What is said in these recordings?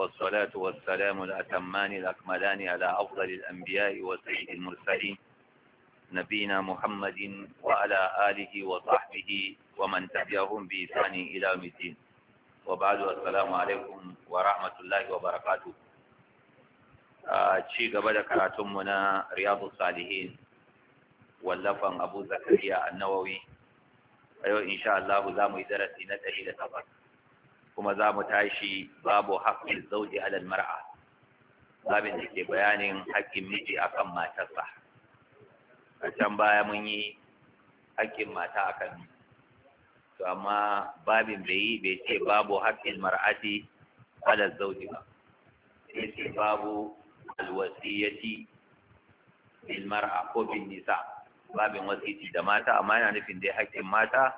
والصلاة والسلام الأتمان الأكملان على أفضل الأنبياء وسيد المرسلين نبينا محمد وعلى آله وصحبه ومن تبعهم بإحسان إلى يوم الدين وبعد السلام عليكم ورحمة الله وبركاته ci gaba da karatunmu na riyadu salihin wallafan abu zakariya annawawi a yau insha Allah za mu yi darasi na ɗari da takwas kuma za mu tashi babu haƙƙin zauji alal mar'a babin da ke bayanin haƙƙin miji akan matarsa a can baya mun yi haƙƙin mata akan miji to amma babin bai yi bai ce babu haƙƙin mar'ati alal zauji ba sai ce babu alwasiyyati bil mar'a ko bin nisa babin wasiti da mata amma yana nufin dai haƙƙin mata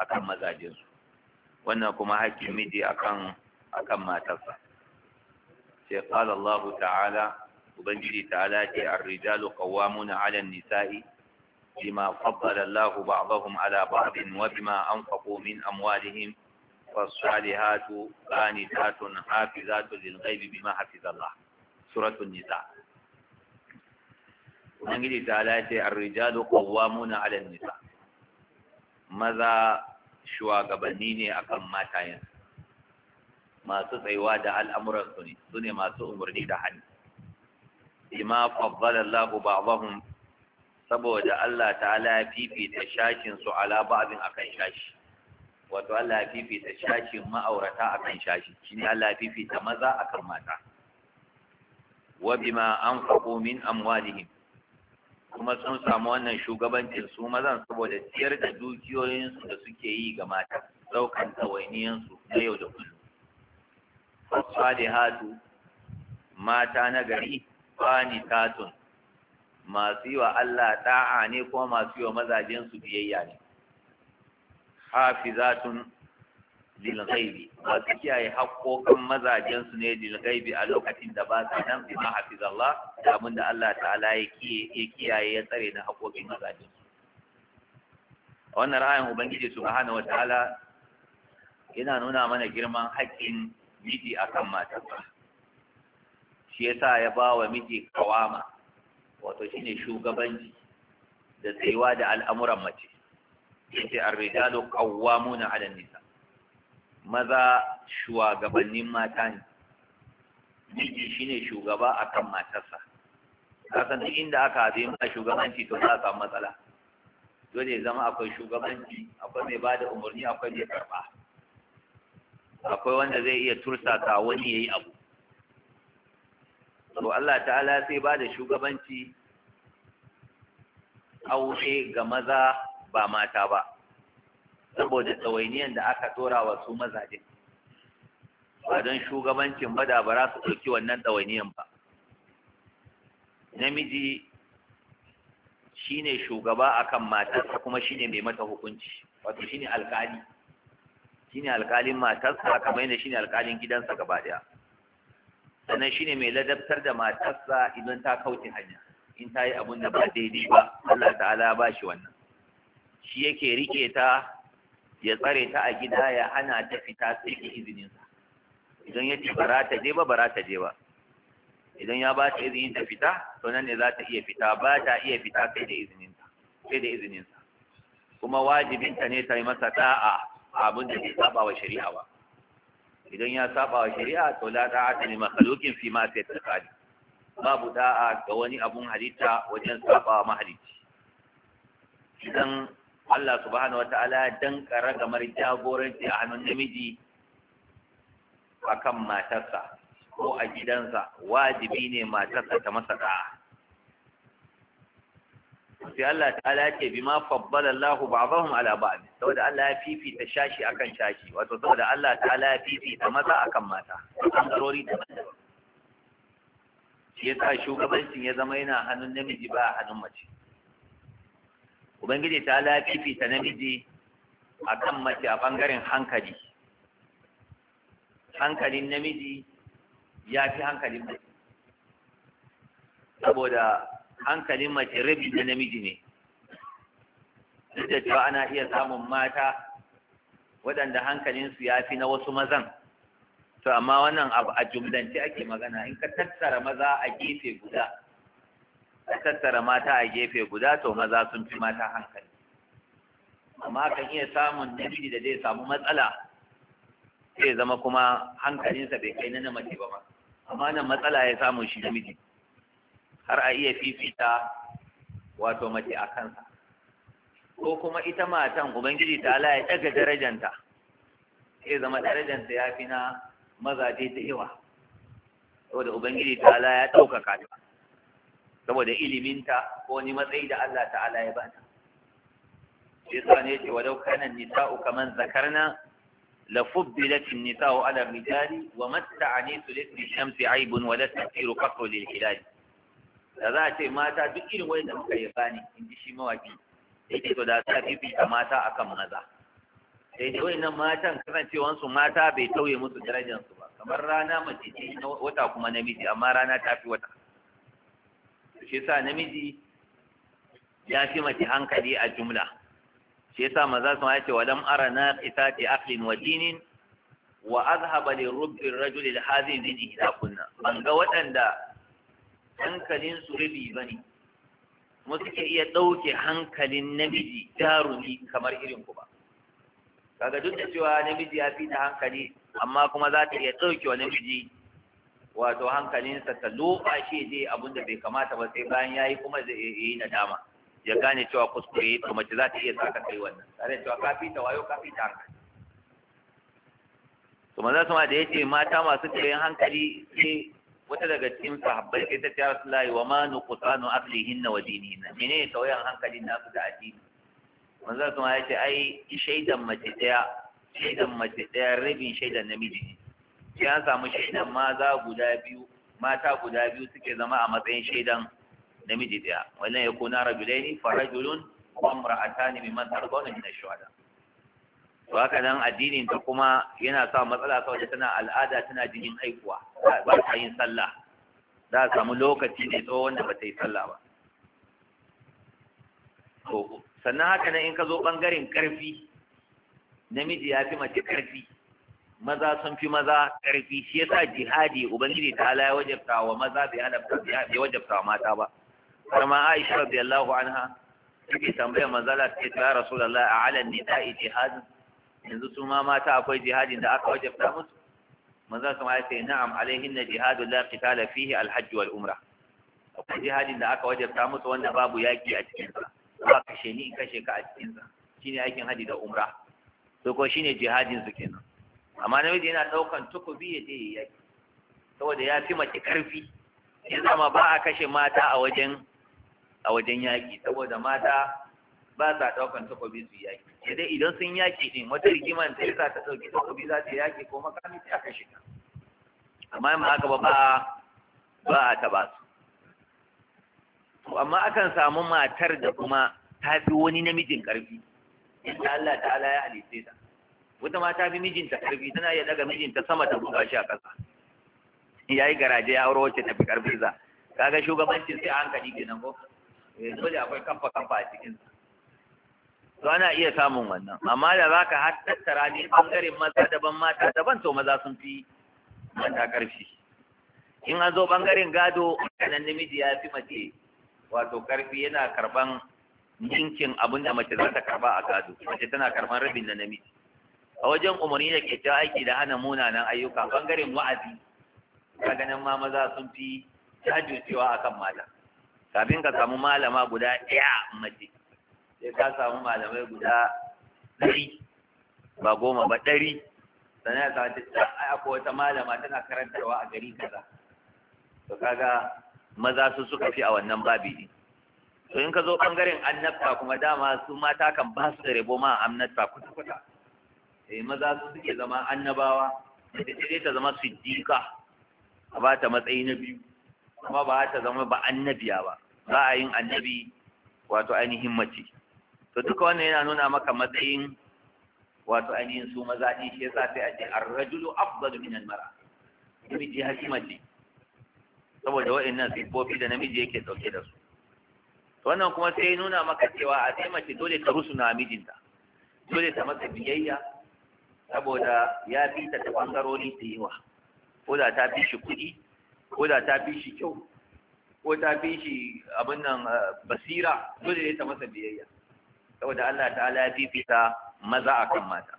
akan mazajinsu wannan kuma haƙƙin miji akan akan matarsa sai qala Allah ta'ala ubangiji ta'ala ce ar-rijalu qawwamuna 'ala an-nisa'i bima faddala Allah ba'dahum 'ala ba'din wa bima anfaqu min amwalihim فالصالحات قانتات حافظات للغيب بما حفظ الله سورة النساء ubangiji ta lace arrijalu qawwamuna 'ala nisa maza shugabanni ne akan matayen masu tsayuwa da al'amuran su ne su ne masu umarni da hannu bima qabbala Allah ba'dahum saboda Allah ta ya fifita shakin su ala a akan shashi wato Allah ya fifita shashin ma'aurata akan shashi shine Allah ya fifita maza akan mata wa bima anfaqu min amwalihim kuma sun samu wannan shugabancin su mazan saboda ciyar da dukiyoyinsu da suke yi ga mata ɗaukan ɗawainiyansu na yau da kullum fasalihatu mata na gari tatun masu yi wa Allah ɗa'a ne kuma masu yi wa mazajensu biyayya ne zatun lil ghaibi wasu kiyaye haƙoƙin mazajen su ne lil a lokacin da ba sa nan bi ma hafizallah da abin da Allah ta'ala ya kiyaye ya tsare na haƙoƙin mazajen a wannan ra'ayin ubangiji subhanahu wa ta'ala yana nuna mana girman haƙƙin miji akan mata shi yasa ya ba wa miji kawama wato shine shugabanci da tsayuwa da al'amuran mace yace ar-rijalu qawwamuna 'ala an-nisa maza shugabannin mata ne miji shine shugaba akan matarsa kasan inda aka haɗe ma shugabanci to za a samu matsala dole zama akwai shugabanci akwai mai bada umarni akwai mai karɓa akwai wanda zai iya tursasa wani yayi abu to Allah ta'ala sai bada shugabanci aure ga maza ba mata ba saboda tsawainiyan da aka tura wa su mazaje ba don shugabancin ba da ba za su ɗauki wannan tsawainiyan ba namiji shine shugaba akan matarsa kuma shine mai mata hukunci wato shine alkali shine alkalin matarsa kamar yadda shine alkalin gidansa gaba daya sannan shine mai ladabtar da matarsa idan ta kauce hanya in ta yi abun da ba daidai ba Allah ta'ala ba shi wannan shi yake rike ta ya tsare ta a gida ya hana ta fita sai da izininsa idan ya ce bara ta je ba bara ta je ba idan ya ba ta izinin ta fita to nan ne za ta iya fita ba ta iya fita sai da izininta sai da izininsa kuma wajibinta ne ta yi masa da'a abin da ke saba wa shari'a ba idan ya saba wa shari'a to la da'a ta ne makhluqin fi ma sai tsakani babu da'a ga wani abun halitta wajen saba wa mahalicci idan Allah subhanahu wataala dan karagamar jagoranci a hannun namiji a kan matarsa ko a gidansa wajibi ne matarsa ta masa da'a sai Allah ta'ala ce bima fabbala Allahu ba'dahum ala ba'd saboda Allah ya fifita shashi akan shashi wato saboda Allah ta'ala ya fifita maza akan mata bangarori daban-daban shi sa shugabancin ya zama yana hannun namiji ba hannun mace ubangiji ta lafifi ta namiji a kan mace a ɓangaren hankali hankalin namiji ya fi hankalin mace saboda hankalin mace rabi na namiji ne duk da cewa ana iya samun mata waɗanda hankalinsu ya fi na wasu mazan to amma wannan abu a jumlance ake magana in ka tattara maza a gefe guda a tattara mata a gefe guda to maza sun fi mata hankali amma kan iya samun namiji da zai samu matsala zai zama kuma hankalinsa bai kai na mace ba ma amma nan matsala ya samu shi namiji har a iya fifita wato mace a kansa ko kuma ita matan ubangiji ta ala ya daga darajanta sai zama darajanta ya fi na mazaje da yawa saboda ubangiji ta ala ya ɗaukaka ta saboda iliminta ko ni matsayi da Allah ta'ala ya bata shi sa ne ce walau kana nisa'u kaman zakarna la fubbilat nisa'u ala rijali wa matta'ani sulati shamsi aibun wa la tasiru qasru lil hilal da za a ce mata duk irin wani da muka yi bani in ji shi mawaki yake to da ta fifita mata akan maza sai dai wayannan matan kasancewansu mata bai tauye musu darajarsu ba kamar rana mace ce wata kuma namiji amma rana ta fi wata shi yasa namiji ya fi mace hankali a jumla shi yasa maza sun ce wa lam ara na isa qitati aklin wa dinin wa azhaba li rubbi ar-rajul al-hazin din kunna. ban ga waɗanda hankalin su rubi ne, kuma suke iya ɗauke hankalin namiji jarumi kamar irin ku ba kaga duk da cewa namiji ya fi da hankali amma kuma za ta iya ɗauke wa namiji wato hankalinsa ta loba shi je abin da bai kamata ba sai bayan yayi kuma zai yi nadama ya gane cewa kuskure to mace za ta iya saka kai wannan tare cewa ka ta wayo ka ta hankali to manzo sama da yace mata masu tsayin hankali sai wata daga cikin sahabbai sai ta ce Rasulullahi wa ma nuqsanu aqlihinna wa Mene menene hankali hankalin su da addini manzo sama yace ai shaidan mace daya shaidan mace daya rabin shaidan namiji ne sai an samu shaidan maza guda biyu mata guda biyu suke zama a matsayin shaidan namiji daya wannan ya kuna rajulaini fa rajulun wa imra'atani mimman tardawna min ash-shuhada to haka nan addinin ta kuma yana sa matsala saboda tana al'ada tana jinin aikuwa ba ta yin sallah za a samu lokaci ne tsohon da ba ta yi sallah ba sannan haka nan in ka zo bangaren karfi namiji ya fi mace karfi maza sun fi maza ƙarfi shi ya sa jihadi ubangiji ta ala ya wajabta wa maza bai halafta bai wajabta wa mata ba har ma Aisha radiyallahu anha take tambayar manzo Allah ta ce ya Rasulullah a ala nida'i jihad yanzu su ma mata akwai jihadin da aka wajabta musu manzo kuma ya ce na'am alaihinna jihadu la qitala fihi al wal umra akwai jihadin da aka wajabta musu wanda babu yaki a cikin sa ba kashe ni in kashe ka a cikin sa shine aikin haji da umra to ko shine jihadin su kenan amma namiji yana ɗaukan takobi ya je ya yaƙi. saboda ya fi mace ƙarfi ya zama ba a kashe mata a wajen a wajen yaƙi saboda mata ba sa ɗaukan takobi su yaƙi sai dai idan sun yaƙi ne wata rigiman ta za ta ɗauki takobi za ta yaƙi ko makami ta kashe ta amma in haka ba ba a taɓa su amma akan samu matar da kuma ta fi wani namijin ƙarfi inda Allah ta'ala ya halitta ta wata ma ta fi mijinta karfi tana iya daga mijinta sama ta buga shi a ƙasa ya yi garaje ya auro wacce tafi karfi za kaga shugabancin sai a hankali kenan ko eh, dole akwai kamfa kamfa a cikin to ana iya samun wannan amma da za ka tattara ne bangaren maza daban mata daban to maza sun fi mata karfi in an zo ɓangaren gado nan namiji ya fi mace wato karfi yana karɓan ninkin abin da mace za ta karɓa a gado mace tana karɓan rabin na namiji a wajen umarni da kyakkyawan aiki da hana munanan ayyuka bangaren wa'azi ka ganin ma maza sun fi jajircewa kan mata kafin ka samu malama guda ɗaya mace sai ka samu malamai guda ɗari ba goma ba ɗari sannan ya samu ta akwai wata malama tana karantarwa a gari kaza to kaga maza su suka fi a wannan babi ne to in ka zo ɓangaren annabta kuma dama su mata kan ba su rebo ma annabta kusa-kusa. eh maza su suke zama annabawa da sai ta zama siddiqa a ba ta matsayi na biyu kuma ba ta zama ba annabiya ba za a yin annabi wato ainihin mace to duka wannan yana nuna maka matsayin wato ainihin su maza din shi yasa sai a ce ar-rajulu afdalu min al-mar'a namiji ya fi mace saboda wa'annan siffofi da namiji yake dauke da su wannan kuma sai nuna maka cewa a sai mace dole ta rusuna mijinta dole ta masa biyayya saboda ya fi ta ta ɓangarori da yawa ko da ta fi shi kuɗi ko da ta fi shi kyau ko ta fi shi abin nan eh, basira dole ne ta masa biyayya saboda Allah ta'ala ya fifita maza a kan mata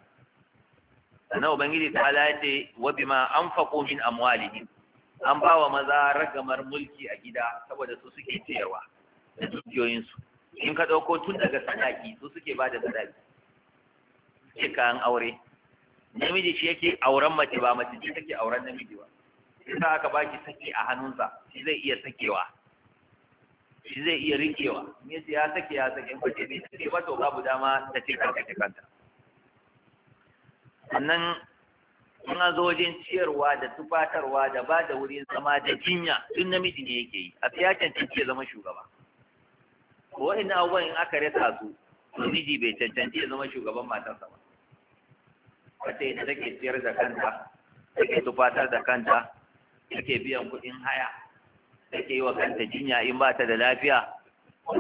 sannan ubangiji ala ya ce wa an faƙo min amwalihim an ba wa maza ragamar mulki a gida saboda su suke ciyarwa da dukiyoyinsu in ka ɗauko tun daga sadaki su suke ba da sadaki ce kayan aure namiji shi yake auren mace ba mace ce take auren namiji ba sai aka baki saki a hannunsa shi zai iya sakewa shi zai iya rikewa me sai ya sake ya sake ba ce ne ba to babu dama ta ce kanta ta kanta sannan in zo wajen ciyarwa da tufatarwa da ba da wurin zama da jinya duk namiji ne yake yi a fiyakin cancanci zama shugaba ko ina abubuwan in aka rasa su namiji bai cancanci ya zama shugaban matarsa ba wata ita take siyar da kanta take tufatar da kanta take biyan kuɗin haya take yi wa kanta jinya in ba ta da lafiya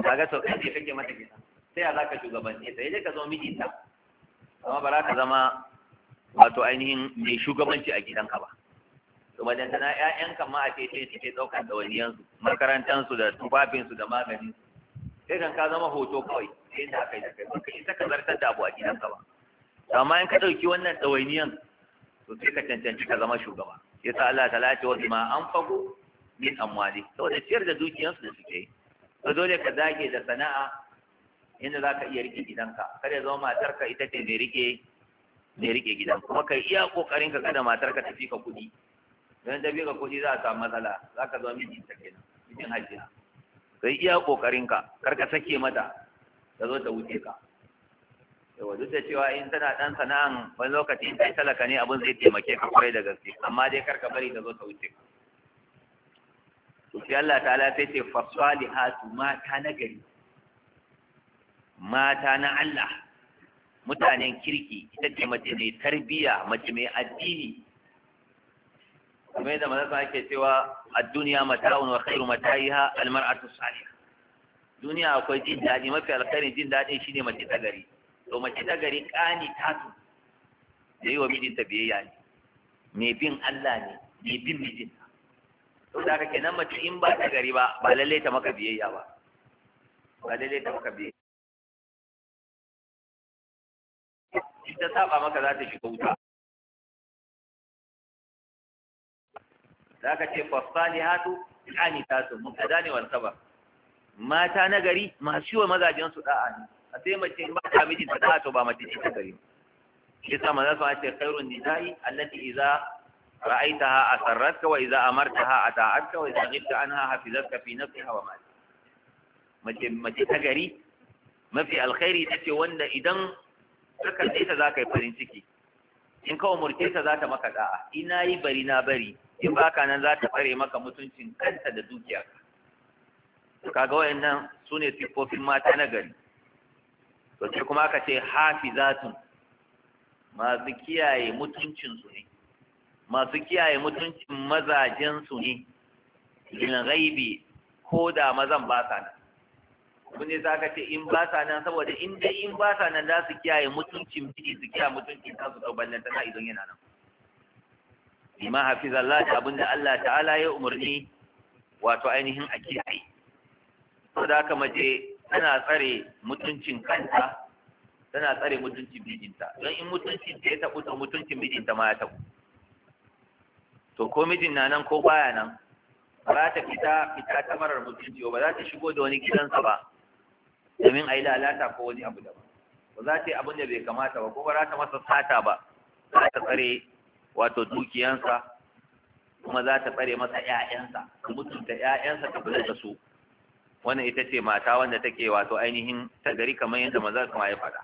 ga sau ɗaya take mata gida sai ya zaka shugabanci sai dai ka zama mijinta amma ba za ka zama wato ainihin mai shugabanci a gidanka ba to dan tana kan ma a tece suke ɗaukar makarantan su da tufafinsu da maganinsu sai kan ka zama hoto kawai sai da aka yi da kai ba ka isa ka zartar da abu a gidanka ba amma in ka ɗauki wannan ɗawainiyan to sai ka cancanci ka zama shugaba ya sa Allah ta ce wasu ma an fago min amwali saboda ciyar da dukiyansu da suke yi ka dole ka dage da sana'a inda za ka iya rike gidanka kada ya zama matarka ita ce mai rike mai rike gidan kuma kai iya kokarin ka kada matarka ta fi ka kuɗi don ta fi ka kuɗi za a samu matsala za ka zama mijin ta kenan mijin hajiya kai iya kokarin ka kar ka sake mata ta zo ta wuce ka yawa duk da cewa in tana dan sana'an wani lokaci in kai talaka ne abin zai taimake ka kwarai da gaske amma dai karka bari ta zo ta wuce to sai Allah ta'ala sai ce fasalihatu mata na gari mata na Allah mutanen kirki ita ce mace mai tarbiya mace mai addini kuma yadda maza ake cewa a duniya mata'un wa khairu mata'iha almar'atu salihah duniya akwai jin daɗi mafi alkhairin jin daɗin shine mace ta gari to mace da gari kani tatu da yi wa mijinta biyayya ne mai bin Allah ne mai bin mijinta to da kake nan mace in ba ta gari ba ba lalle ta maka biyayya ba ba lalle ta maka biyayya ta saba maka za ta shiga wuta zaka ce fasali hatu ani tasu mun kada ne wani saba mata na gari masu yi wa mazajensu da'a ne a sai mace in ba ta miji ta da to ba mace ce ta gari shi sa manzo sa ce khairun nisa'i allati idza ra'aitaha asarratka wa idza amartaha ata'atka wa idza ghibta anha hafizatka fi nafsiha wa mali mace mace ta gari mafi alkhairi ce wanda idan ka kalle ta zaka yi farin ciki in ka umurce ta za ta maka da'a ina yi bari na bari in baka nan za ta tsare maka mutuncin kanta da dukiyarka kaga wayannan sune siffofin mata na gari to kuma aka ce hafizatun masu kiyaye mutuncinsu ne masu kiyaye mutuncin mazajensu ne lil ghaibi ko da mazan ba sa nan kun ne za ka ce in ba sa nan saboda in dai in ba sa nan za su kiyaye mutuncin biki su kiyaye mutuncin ta su nan ta idan yana nan bima hafizallah da abinda Allah ta'ala ya umarni wato ainihin a kiyaye saboda haka mace tana tsare mutuncin kanta tana tsare mutuncin mijinta don in mutuncin ta ya taɓu to mutuncin mijinta ma ya taɓu to ko mijin na nan ko baya nan ba za ta fita fita ta marar mutunci ba za ta shigo da wani gidansa ba domin a yi lalata ko wani abu daban ba za ta yi abin da bai kamata ba ko ba za ta masa sata ba za ta tsare wato dukiyansa kuma za ta tsare masa 'ya'yansa mutunta 'ya'yansa ta kula da su wannan ita ce mata wanda take wato ainihin ta gari kamar yadda maza kuma ya faɗa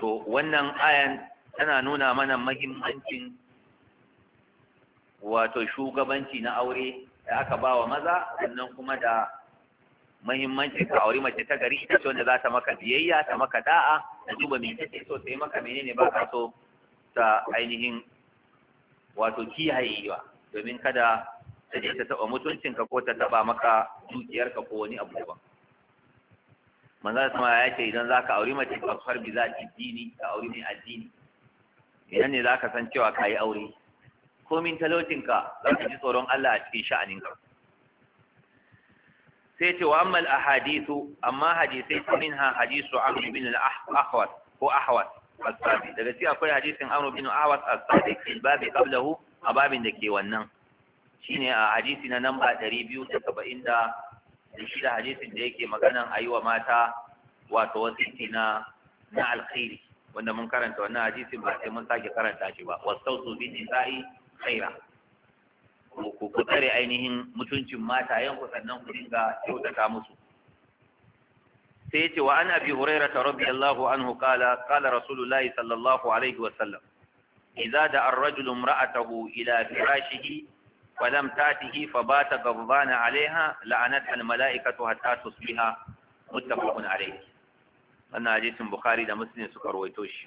to wannan ayan tana nuna mana mahimmancin wato shugabanci na aure da aka ba wa maza sannan kuma da mahimmanci ka auri mace ta gari ita ce wanda za ta maka biyayya ta maka da'a ta duba me kake so ta yi maka menene ba ka so ta ainihin wato kiyayewa domin kada ta je ta taɓa mutuncinka ko ta taɓa maka dukiyarka ko wani abu daban manzo sama ya ce idan zaka auri mace ka bi za ta dini ka auri mai addini idan ne zaka san cewa ka yi aure komin talautinka za ka ji tsoron Allah a cikin sha'aninka sai ce wa amma al-ahadithu amma hadisai ta minha hadisu amr bin al-ahwas ko ahwas as-sadiq daga cikin akwai hadisin amr bin ahwas as-sadiq fil babi qablahu a babin da ke wannan shine a hadisi na namba ɗari biyu da saba'in da shida hadisin da yake maganan a yi wa mata wato wasiti na na alkhairi wanda mun karanta wannan hadisin ba sai mun sake karanta shi ba wasautu bi nisa'i khaira ku ku tsare ainihin mutuncin mata yanku sannan ku dinga kyautata musu sai yace wa an abi hurairah radiyallahu anhu qala qala rasulullahi sallallahu alaihi wa sallam idza da'a ar-rajulu imra'atahu ila فلم تاته فبات غضبان عليها لعنتها الملائكة حتى تصبح متفق عليه أن حديث البخاري ده مسلم سكر ويتوش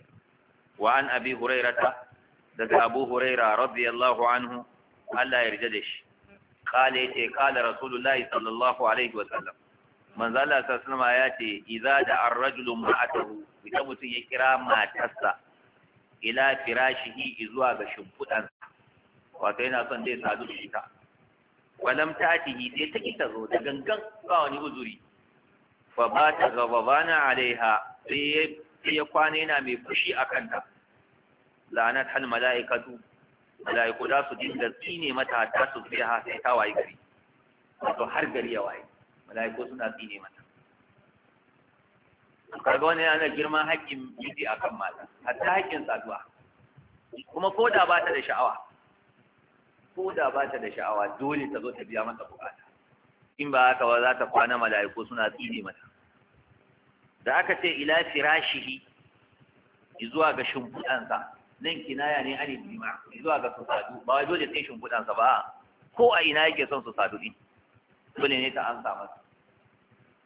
وعن أبي هريرة ده أبو هريرة رضي الله عنه ألا يرجدش قال قال رسول الله صلى الله عليه وسلم من ذا الله صلى الله عليه وسلم إذا دعا الرجل معته بتمت يكرا ما تسا إلى فراشه إذوا بشمفتان wato yana son zai sadu da ita walam tatihi sai ta ki tazo da gangan ba wani uzuri fa ba ta gababana alaiha sai ya kwana yana mai fushi a kanta la'anat hal mala'ikatu mala'iku za su dinga tsine mata ta su biya sai ta waye gari wato har gari ya waye mala'iku suna tsine mata kaga wani yana girman haƙƙin miji akan mata hatta haƙƙin saduwa kuma ko da ba ta da sha'awa ko da ba ta da sha'awa dole ta zo ta biya mata bukata in ba haka ba za ta kwana mala'iku suna tsini mata da aka ce ila firashihi zuwa ga shimfiɗansa nan kinaya ne ani jima zuwa ga su sadu ba wai dole sai shimfiɗansa ba ko a ina yake son su sadu din dole ne ta amsa masa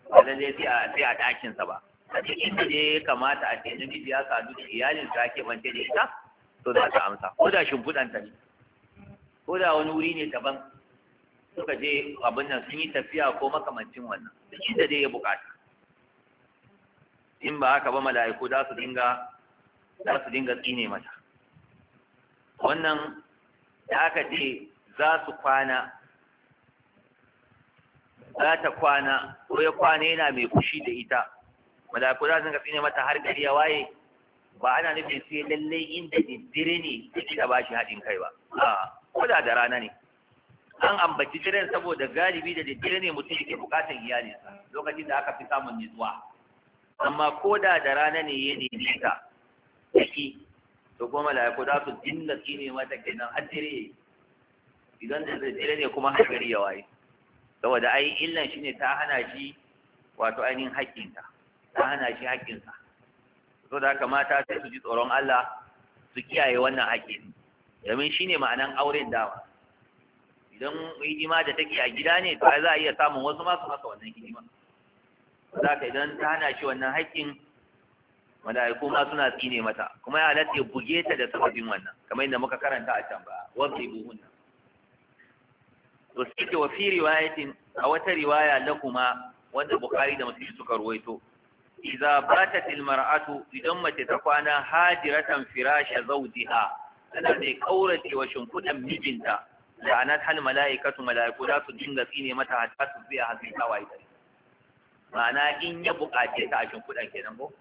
ba lalle sai a sai a sa ba a cikin da ya kamata a ce namiji ya sadu da iyalin sa ake mance da ita to za ta amsa ko da shimfiɗanta ne ko da wani wuri ne daban suka je abin nan sun yi tafiya ko makamancin wannan duk inda dai ya bukata in ba haka ba mala'iku za su dinga za su dinga tsine mata wannan da aka ce za su kwana za ta kwana ko ya kwana yana mai fushi da ita mala'iku za su dinga tsine mata har gari ya waye ba ana nufin sai lallai inda diddire ne take ba bashi haɗin kai ba a'a ko da da rana ne an ambaci jiran saboda galibi da daddare ne mutum yake bukatan iyalinsa lokacin da aka fi samun nutsuwa amma ko da da rana ne ya nemi ta yaki to kuma mala'iku za su dinga ne mata kenan har dare idan da daddare ne kuma har gari ya waye saboda ai illan shine ta hana shi wato ainihin haƙƙinta ta hana shi haƙƙinsa so haka mata sai su ji tsoron Allah su kiyaye wannan haƙƙin domin ne ma'anan auren dawa idan hidima da take a gida ne to za a iya samun wasu masu haka wannan hidima za ka idan ta hana shi wannan haƙƙin mala'iku ma suna tsine mata kuma ya halatta ya buge ta da sababin wannan kamar yadda muka karanta a can ba wasu buhunna to sai ke wafi riwayatin a wata riwaya lakuma wanda bukari da muslim suka ruwaito Iza ba ta mar'atu idan mace ta kwana hadiratan firasha zawjiha tana mai kaurace wa shimfiɗan mijinta da na hal mala'ikatu mala'iku za su dinga tsine mata hatta su biya hasin tawaye ta ma'ana in ya buƙace ta a shimfiɗan kenan ko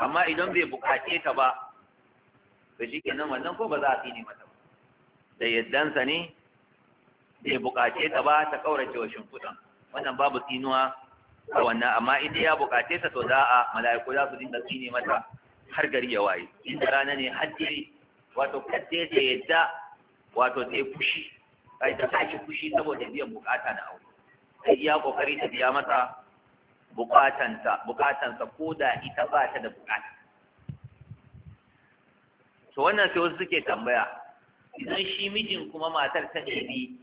amma idan bai buƙace ta ba ba shi kenan wannan ko ba za a tsine mata ba da yaddansa ne bai buƙace ta ba ta kaurace wa shimfiɗan wannan babu tsinuwa a wannan amma idan ya buƙace ta to za a mala'iku za su dinga tsine mata har gari ya waye inda rana ne har wato kadde da yadda wato ta yi fushi ai ta tashi fushi saboda biyan bukata na aure sai iya kokari ta biya masa bukatansa bukatansa ko da ita ba ta da bukata to wannan sai wasu suke tambaya idan shi mijin kuma matar ta nemi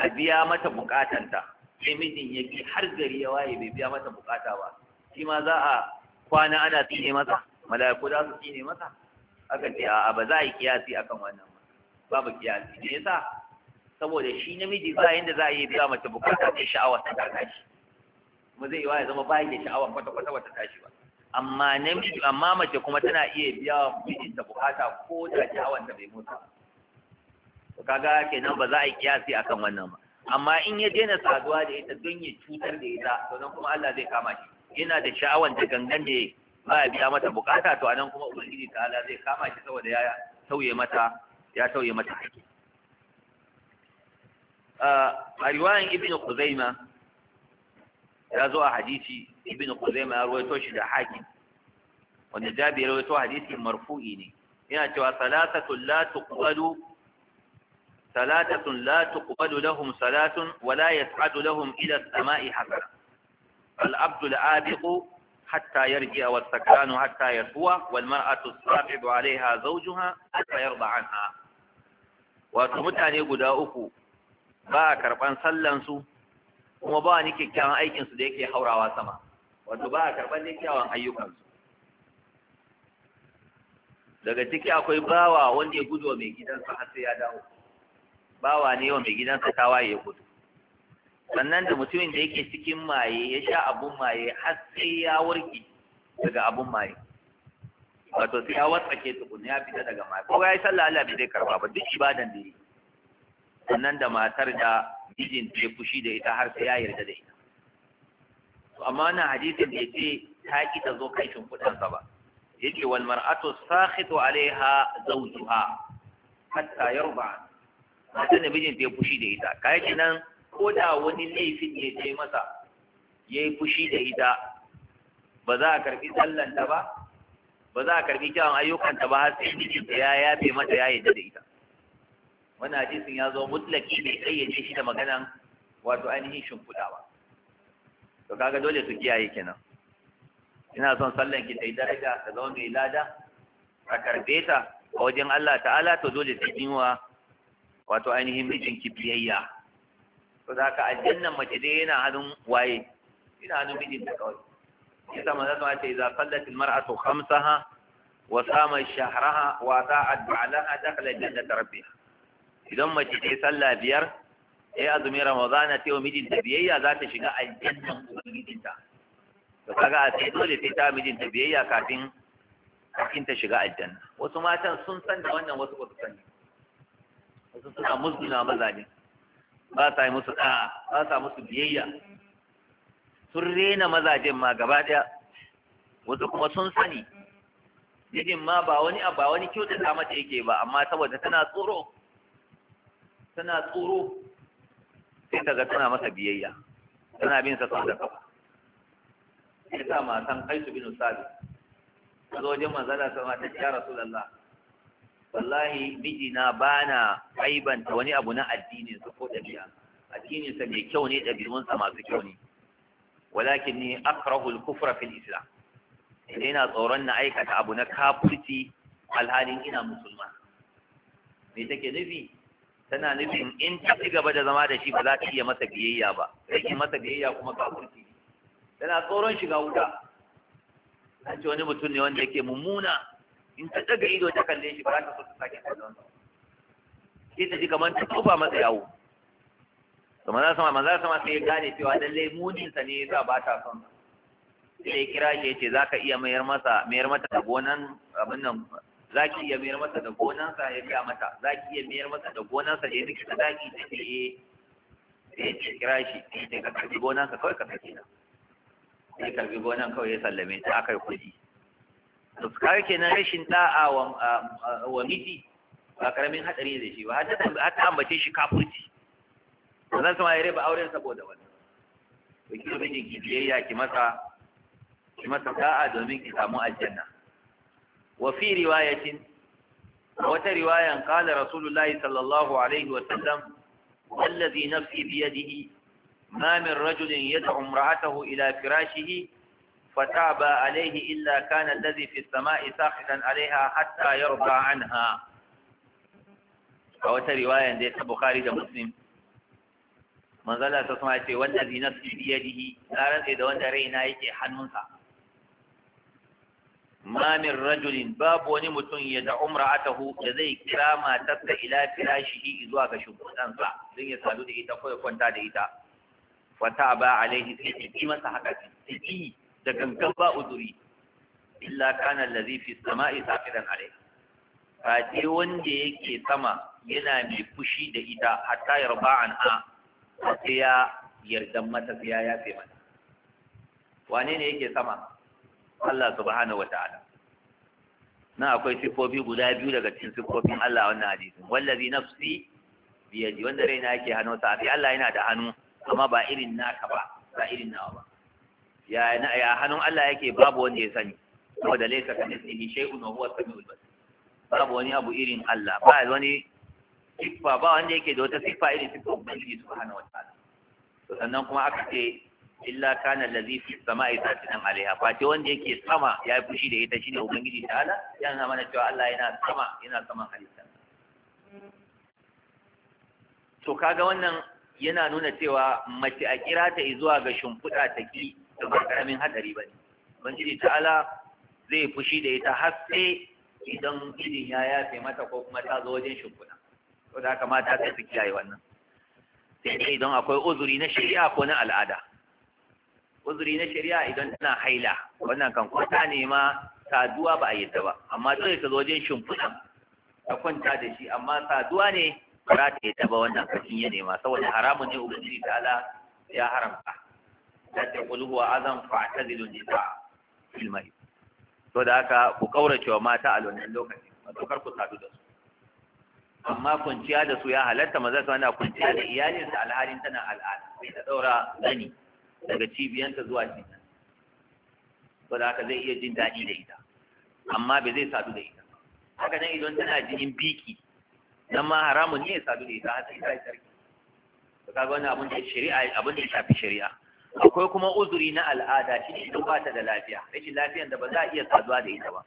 a biya mata bukatanta sai mijin ya ki har gari ya waye bai biya mata bukata ba shi ma za a kwana ana tsine masa mala'iku za su tsine masa aka ce a'a ba za a yi kiyasi akan wannan babu kiyasi me yasa saboda shi namiji yi yanda za a yi biya mace bukata sai sha'awa ta tashi kuma zai yiwa ya zama ba da sha'awa kwata kwata wata tashi ba amma namiji amma mace kuma tana iya biya ta bukata ko da sha'awar ta bai motsa to kaga kenan ba za a yi kiyasi akan wannan ba amma in ya daina saduwa da ita don ya cutar da ita to nan kuma Allah zai kama shi yana da sha'awar da gangan da ba ya biya mata bukata to anan kuma ubangiji ta ala zai kama shi saboda ya tauye mata ya tauye mata haƙƙi a riwayan ibnu kuzaima ya zo a hadisi ibnu kuzaima ya rawaito shi da haƙi. wanda jabi ya rawaito hadisi marfu'i ne yana cewa salatatun la tuqbalu salatatun la tuqbalu lahum salatun wa la yas'adu lahum ila as-sama'i hasana al-abdu al-abiqu hatta yarji wa sakanu hatta yarduwa wal mar'atu ha alaiha zawjuha hatta yarda ha. wato mutane guda uku ba a karban sallansu kuma ba ni kyakkyawan aikinsu da yake haurawa sama wato ba a karban kyakkyawan ayyukan daga ciki akwai bawa wanda ya gudu wa mai gidansa har sai ya dawo bawa ne wa mai gidansa tawaye ya gudu sannan da mutumin da yake cikin maye ya sha abun maye har sai ya warke daga abun maye wato sai ya watsake tukun ya fita daga maye ko ya yi sallah Allah bai zai karba ba duk ibadan da yi sannan da matar da mijin ta fushi da ita har sai ya yarda da ita to amma wannan hadisin da ce ta ki ta zo kai shin kudan sa ba yake wal mar'atu sakhitu alaiha zawjuha hatta yarba mata da mijin ta fushi da ita kai kenan ko da wani laifin ya ta yi masa ya yi fushi da ita ba za a karɓi tsallanta ba ba za a karɓi kyawun ayyukanta ba har sai mijinta ya yafe mata ya yadda da ita wani hadisin ya zo mutlaki bai kayyace shi da maganan wato ainihin shimfiɗa ba to kaga dole su kiyaye kenan ina son sallan ki ta yi daraja ta zama mai lada a karɓe ta a wajen Allah ta'ala to dole ta yi wa wato ainihin mijinki biyayya ko za ka aljannan mace dai yana hannun waye yana hannun mijin da kawai yasa manzo ta ce idza sallat al mar'atu ha wa sama shahararra wa ta'at ba'laha dakhala da tarbe idan mace dai sallah biyar ya yi azumi ramadana ta yi mijinta biyayya za ta shiga aljannan ta to kaga a sai dole sai ta mijinta biyayya kafin kafin ta shiga aljanna wasu matan sun san da wannan wasu ba su sani wasu suna musguna mazaje ba sa yi musu da'a ba sa musu biyayya sun rena mazajen ma gaba ɗaya wasu kuma sun sani jijin ma ba wani ba wani kyautata mata yake ba amma saboda tana tsoro tana tsoro sai ta ga tana masa biyayya tana bin sa sau da kafa sai ta matan su bin usabi ta zo wajen manzala sama ta su lallah wallahi mijina bana aibanta wani abu na addinin su ko dabi'a addinin sa mai kyau ne dabi'un sa masu kyau ne walakin ni akrahul kufra fil islam ina tsoron na aikata abu na kafirci alhalin ina musulma me take nufi tana nufin in ta ci gaba da zama da shi ba za ta iya masa biyayya ba sai masa biyayya kuma kafirci tana tsoron shiga wuta an ce wani mutum ne wanda yake mummuna in ta daga ido ta kalle shi ba za ta so ta sake kallon sa sai ta ji kamar ta tsufa masa yawo to maza sama maza sama sai ya gane cewa lallai munin sa ne yasa ba ta son sai ya kira shi yace zaka iya mayar masa mayar mata da gonan abin nan zaki iya mayar masa da gonan sa ya ga mata zaki iya mayar masa da gonan sa ya dake sadaki ke eh sai ya kira shi sai ka karbi gonan sa kawai ka sake na sai karbi gonan kawai ya sallame ta akai kuɗi to kaga kenan rashin da'a wa wa miji ba karamin hadari ne da shi ba har ta ambace shi kafurci ba zan sama ya raba auren saboda wannan to ki mijin ki biyayya ki masa ki masa da'a domin ki samu aljanna wa fi riwayatin wata riwayan qala rasulullahi sallallahu alaihi wa sallam والذي نفسي بيده ما من رجل يدعو امرأته إلى فراشه fataba alaihi illa kana lazi fi sama'i sakhitan alaiha hatta yarda anha a wata riwaya da ta bukhari da muslim manzala ta sama ce wanda zina su bi yadihi tsarar da wanda raina yake hannunsa mamin rajulin babu wani mutum ya da umra atahu da zai kira matarsa ila filashihi zuwa ga shugabansa don ya salu da ita ko ya kwanta da ita wata ba alaihi sai ta ji masa haka sai da gangan ba uzuri illa kana allazi fi samai safiran alai fati wanda yake sama yana mai fushi da ita hatta yarba an a sai ya yarda mata sai ya yafe mata wane ne yake sama Allah subhanahu wataala na akwai sifofi guda biyu daga cikin sifofin Allah wannan hadisin wallazi nafsi biyadi wanda raina yake hannunsa sai Allah yana da hannu amma ba irin naka ba ba irin nawa ba ya ya hannun Allah yake babu wanda ya sani saboda laysa ka mithlihi shay'un wa huwa samiul basir babu wani abu irin Allah ba wani siffa ba wanda yake da wata siffa irin siffa ubangiji subhanahu wa ta'ala to sannan kuma aka ce illa kana allazi fi samai satinan alaiha fa ce wanda yake sama ya yi fushi da ita shine ubangiji ta'ala yana mana cewa Allah yana sama yana saman halitta to kaga wannan yana nuna cewa mace a kira ta zuwa ga shimfiɗa ta ki da ba karamin hadari ba ne ubangiji ta'ala zai fushi da ita har sai idan idin ya yafe mata ko kuma ta zo wajen shimfuna. to da haka mata sai su kiyaye wannan sai dai idan akwai uzuri na shari'a ko na al'ada uzuri na shari'a idan tana haila wannan kan ko ta nema saduwa ba a yadda ba amma dole ta zo wajen shimfuna, ta kwanta da shi amma saduwa ne ba za ta yadda ba wannan kashin ya nema saboda haramun ne ubangiji ta'ala ya haramta la taqulu huwa azan fa'tazilu nisa fil mahid to da haka ku kaurace wa mata a wannan lokaci to kar ku sadu da su amma kunciya da su ya halatta maza su ana kunciya da iyalinsa alhalin tana al'ada sai ta daura gani daga cibiyanta zuwa cikin to da haka zai iya jin daɗi da ita amma bai zai sadu da ita haka nan idan tana jinin biki dan ma haramun ne ya sadu da ita har sai ta yi sarki to kaga wannan abin da shari'a abin da ya shafi shari'a akwai kuma uzuri na al'ada shi ne idan bata da lafiya rashin lafiyan da ba za a iya saduwa da ita ba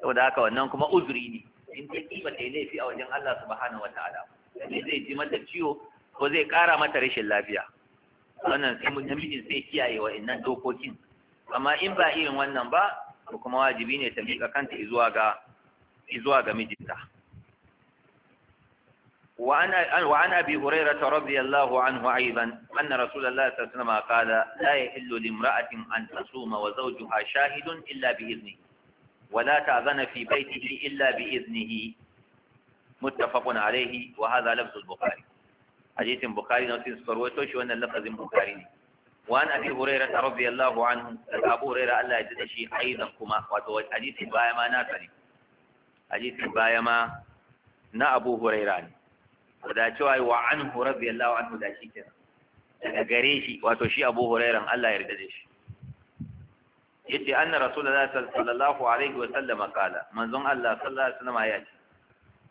saboda haka wannan kuma uzuri ne in ta kiba ta yi laifi a wajen Allah subhanahu wa ta'ala ne zai ji mata ciwo ko zai kara mata rashin lafiya wannan sai namijin sai kiyaye wa innan dokokin amma in ba irin wannan ba to kuma wajibi ne ta miƙa kanta zuwa ga mijinta وعن أبي هريرة رضي الله عنه أيضا أن رسول الله صلى الله عليه وسلم قال لا يحل لامرأة أن تصوم وزوجها شاهد إلا بإذنه ولا تأذن في بيته إلا بإذنه متفق عليه وهذا لفظ البخاري حديث البخاري نوتين سرويتوش وأن اللفظ البخاري وعن أبي هريرة رضي الله عنه أبو هريرة ألا يجد شيء أيضا كما حديث بايما ناتني حديث بايما نا أبو هريرة da cewa wa anhu radiyallahu anhu da shi kenan daga gare shi wato shi Abu Hurairah Allah ya yarda da shi yace anna rasulullahi sallallahu alaihi wa sallam kala manzon Allah sallallahu alaihi wa sallam ya ce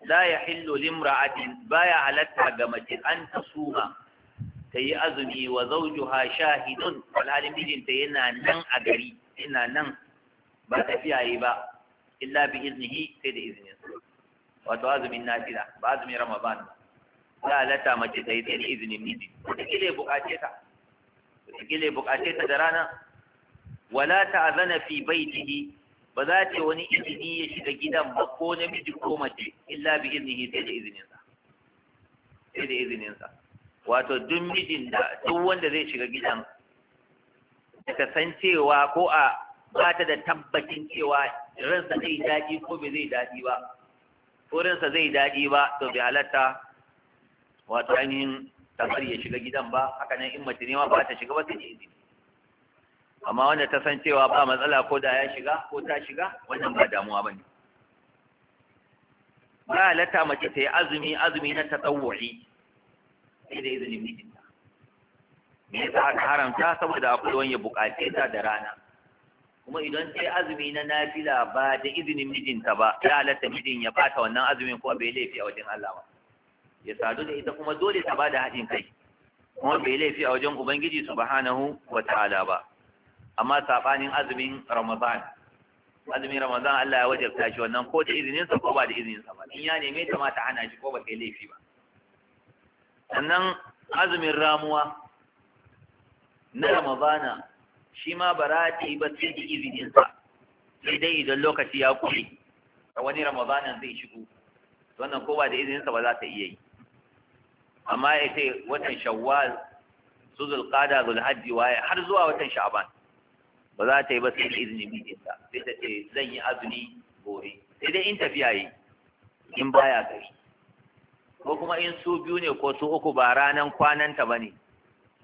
la yahillu limra'atin baya halatta ga mace an tasuma tayi azumi wa zawjuha shahidun wal halin mijinta yana nan a gari yana nan ba tafiya yi ba illa bi iznihi sai da izinin wato azumin nafila ba azumin ramadan ba ya lata mace ta yi sai da izinin miji wataƙila ya buƙace ta wataƙila ya buƙace ta da rana wala ta'azana fi baitihi ba za ta wani izini ya shiga gidan ba ko namiji ko mace illa bi iznihi sai da izininsa sai da sa wato duk mijin da duk wanda zai shiga gidan ka san cewa ko a ba ta da tabbacin cewa ransa zai daɗi ko bai zai daɗi ba ko ransa zai daɗi ba to bai halatta wato ainihin tamar ya shiga gidan ba haka nan in mace ne ma ba ta shiga ba ta ta izini amma wanda ta san cewa ba matsala ko da ya shiga ko ta shiga wannan ba damuwa ba ne. ba halatta mace ta yi azumi azumi na ta tatawwu'i sai da izinin mijinta me yasa aka haramta saboda akwai wani ya ta da rana kuma idan sai azumi na nafila ba da izinin mijinta ba ya halatta mijin ya bata wannan azumin ko bai laifi a wajen Allah ba ya sadu da ita kuma dole ta bada haɗin kai kuma bai laifi a wajen ubangiji subhanahu wa ta'ala ba amma sabanin azumin ramadan azumin ramadan Allah ya wajabta shi wannan ko da izinin sa ko ba da izinin sa ba in ya neme ta ma ta hana shi ko ba kai laifi ba sannan azumin ramuwa na ramadana shi ma ba ba sai da izinin sa sai dai idan lokaci ya kuri a wani ramadanan zai shigo wannan ko ba da izinin sa ba za ta iya yi amma ya ce watan shawwal su zulqada zulhajji waye har zuwa watan sha'ban ba za ta yi ba sai da izinin mijinta sai ta ce zan yi azumi gobe sai dai in tafiya yi in baya gari ko kuma in su biyu ne ko su uku ba ranan kwananta ba ne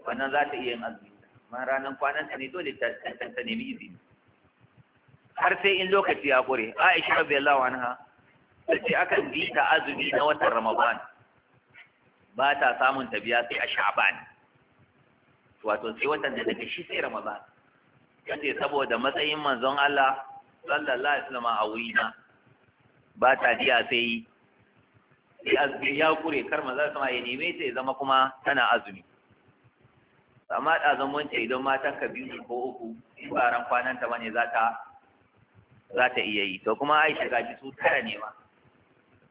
wannan za ta iya yin azumi amma ranan kwananta ne dole ta ta nemi izini har sai in lokaci ya kure Aisha ha. anha ce akan bi ta azumi na watan Ramadan ba ta samun ta biya sai a sha'ban wato sai watan da daga shi sai ramadan kace saboda matsayin manzon Allah sallallahu alaihi wasallam a wurina ba ta biya sai azumi ya kure kar manzon sama ya neme ta ya zama kuma tana azumi amma da zaman ce idan matan ka biyu ko uku ba ran kwanan ta bane za ta za ta iya yi to kuma Aisha gaji su tara ne ma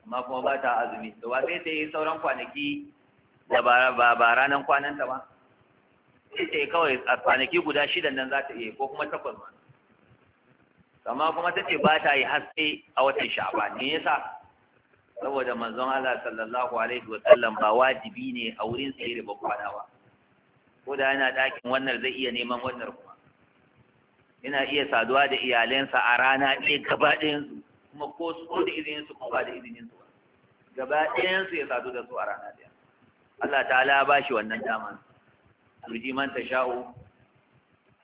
amma kuma ba ta azumi to ba sai ta yi sauran kwanaki da ba ba ranan kwanan ta ba sai ta yi kawai a kwanaki guda shidan nan za ta iya ko kuma takwas ma amma kuma ta ce ba ta yi haske a watan sha'ban ne yasa saboda manzon Allah sallallahu alaihi wa sallam ba wajibi ne a wurin sai riba kwana ba ko da yana dakin wannan zai iya neman wannan kuma yana iya saduwa da iyalensa a rana ɗaya gaba su kuma ko su da izinin su ko ba da izinin su gaba ɗayan su ya sadu da su a rana ɗaya Allah ta'ala ba shi wannan dama turji man ta sha'u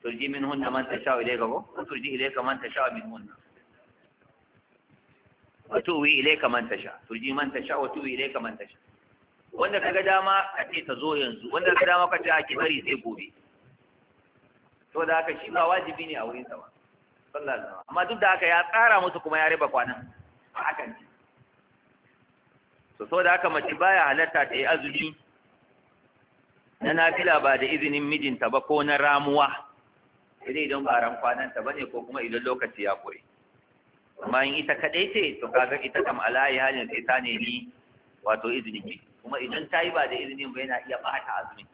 turji min hunna man ta sha'u ilaika ko turji ilaika man ta sha'u min hunna wa tuwi ilaika man ta sha turji man ta sha'u wa tuwi ilaika man ta sha wanda kaga dama a ce ta zo yanzu wanda kaga dama ka ce a ki bari sai gobe to da haka shi ba wajibi ne a wurin sa ba amma duk da haka ya tsara musu kuma ya riba kwanan a hakan ce so da haka mace baya halatta ta yi azumi na nafila ba da izinin mijinta ba ko na ramuwa idan idan ba ran kwanan ta bane ko kuma idan lokaci ya koyi amma in ita kadai ce to kaga ita kam alayi halin sai ta ni wato izinin ki kuma idan ta yi ba da izinin ba yana iya bata azumi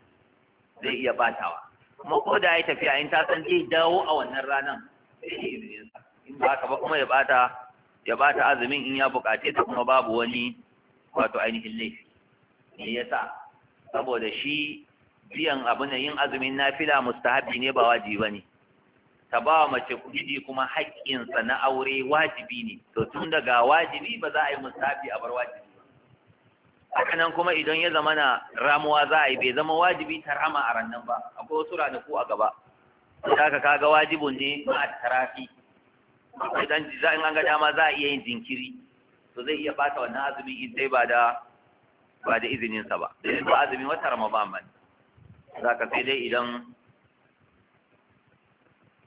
zai iya batawa kuma ko da ya tafiya in ta san zai dawo a wannan ranan sai in ba haka ba kuma ya bata ya bata azumin in ya bukace ta kuma babu wani wato ainihin laifi me yasa saboda shi biyan abin da yin azumin nafila mustahabi ne ba wajibi bane ta ba wa mace kudi kuma haƙƙinsa na aure wajibi ne to tun daga wajibi ba za a yi mustahabi a bar wajibi haka nan kuma idan ya zama na ramuwa za a yi bai zama wajibi ta rama a rannan ba akwai wasu ranaku a gaba ka kaga wajibun ne ma tarafi idan za in an ga dama za a iya yin jinkiri to zai iya bata wannan azumi in dai ba da ba da izinin sa ba dai ba azumi wata ramadan ba zaka sai dai idan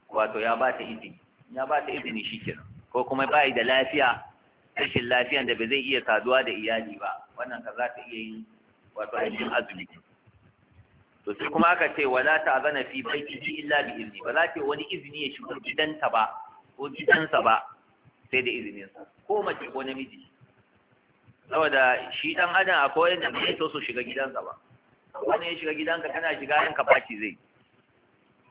wato ya bata izini ya bata izini shikenan ko kuma bai da lafiya rashin lafiyan da ba zai iya saduwa da iyali ba wannan ka za ta iya yin wato ainihin azumi to sai kuma aka ce wala zana fi ji illa bi izni ba za ta wani izini ya shigo gidanta ba ko gidansa ba sai da izinin sa ko mace ko namiji saboda shi dan adam akwai wanda bai so su shiga gidansa ba wani ya shiga gidanka kana shiga yanka baci zai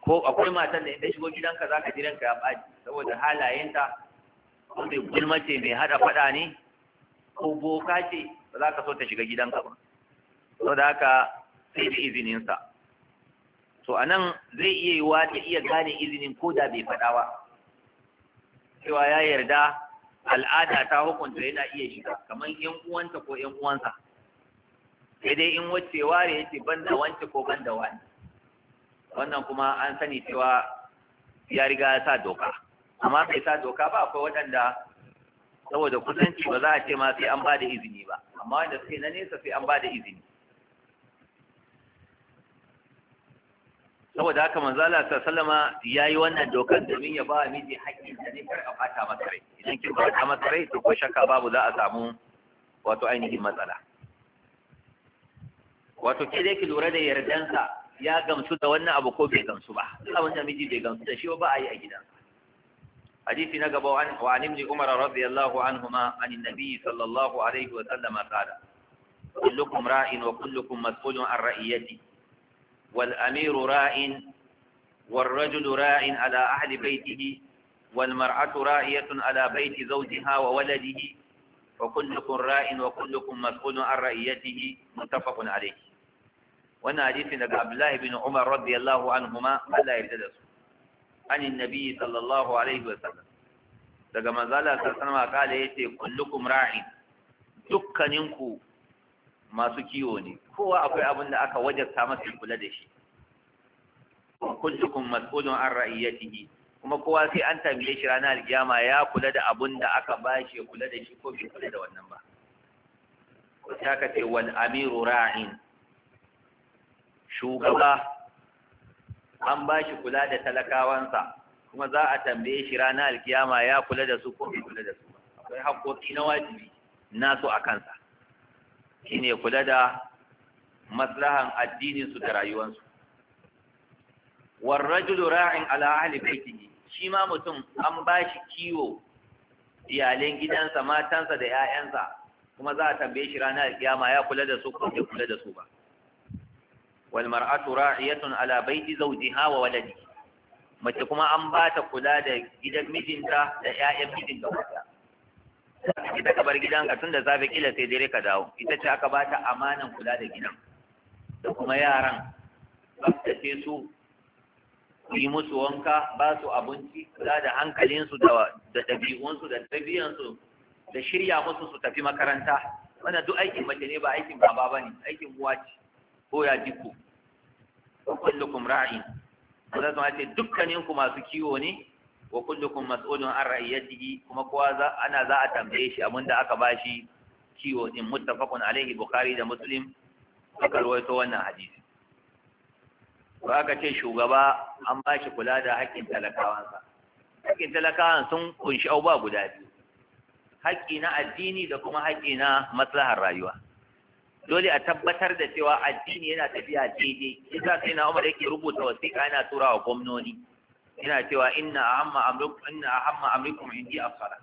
ko akwai matan da idan shigo gidanka zaka ji ranka ya baci saboda halayenta ko bai ce mai hada fada ne ko boka ce ba za ka so ta shiga gidanka ba saboda haka sai da izininsa to a nan zai iya yi wa ta iya gane izinin ko da bai faɗa ba cewa ya yarda al'ada ta hukunta yana iya shiga kamar yan uwanta ko yan uwansa sai dai in wacce ware ban da wance ko ban da wani wannan kuma an sani cewa ya riga ya sa doka amma bai sa doka ba akwai waɗanda saboda kusanci ba za a ce ma sai an ba da izini ba amma wanda sai na nesa sai an ba da izini saboda haka manzo Allah sallama yayi wannan dokar domin ya ba miji haƙƙin da ne kar a fata masa rai idan kin fata masa rai to ko shakka babu za a samu wato ainihin matsala wato ke dai ki lura da yardansa ya gamsu da wannan abu ko bai gamsu ba abin wannan miji bai gamsu da shi ba a yi a gidan. gidansa na نقب عن وعن ابن عمر رضي الله عنهما عن النبي صلى الله عليه وسلم قال كلكم راع وكلكم مسؤول عن رعيته والأمير راء والرجل راء على أهل بيته والمرأة راعية على بيت زوجها وولده وكلكم راء وكلكم مسؤول عن رعيته متفق عليه وانا حديث ان عبد الله بن عمر رضي الله عنهما الا يبتدس عن النبي صلى الله عليه وسلم daga manzala sallallahu alaihi wasallam kale yace kullukum ra'in dukkaninku masu kiwo ne kowa akwai abin da aka wajasta masa kula da shi kullukum mas'ulun an ra'iyatihi kuma kowa sai an tambaye shi ranar alkiyama ya kula da abun da aka ba ya kula da shi ko bai kula da wannan ba sai aka ce wal amiru ra'in shugaba an ba shi kula da talakawansa kuma za a tambaye shi ranar alkiyama ya kula da su ko bai kula da su akwai haƙƙoƙi na wajibi nasu a kansa ne kula da maslahan addinin su da rayuwansu warrajulu ra'in ala ahli baitihi shi ma mutum an bashi kiwo iyalin gidansa matansa da 'ya'yansa kuma za a tambaye shi ranar kiyama ya kula da su ko bai kula da su ba wal mar'atu ra'iyatun ala baiti zawjiha wa waladi mace kuma an ba ta kula da gidan mijinta da 'ya'yan mijin gaba ita ka bar gidanka tun da safe kila sai dare ka dawo ita ce aka bata amanan kula da gidan da kuma yaran tsaftace su yi musu wanka ba su abinci kula da hankalinsu da ɗabi'unsu da ɗabi'ansu da shirya musu su tafi makaranta wannan duk aikin mace ne ba aikin baba ba ne aikin uwa ce ko ya jiko kullukum ra'in wannan ta ce dukkaninku masu kiwo ne wa kullukum mas'ulun an ra'iyatihi kuma kowa za ana za a tambaye shi abinda aka bashi kiwo din muttafaqun Alayhi bukhari da muslim aka rawaito wannan hadisi ko aka ce shugaba an bashi kula da haƙƙin talakawansa haƙƙin talakawan sun kunshi abubuwa guda biyu haƙƙi na addini da kuma haƙƙi na maslahar rayuwa dole a tabbatar da cewa addini yana tafiya daidai yasa sai na Umar yake rubuta wasiƙa yana turawa wa gwamnoni yana cewa inna ahamma amrukum inna ahamma amrukum indi as-salah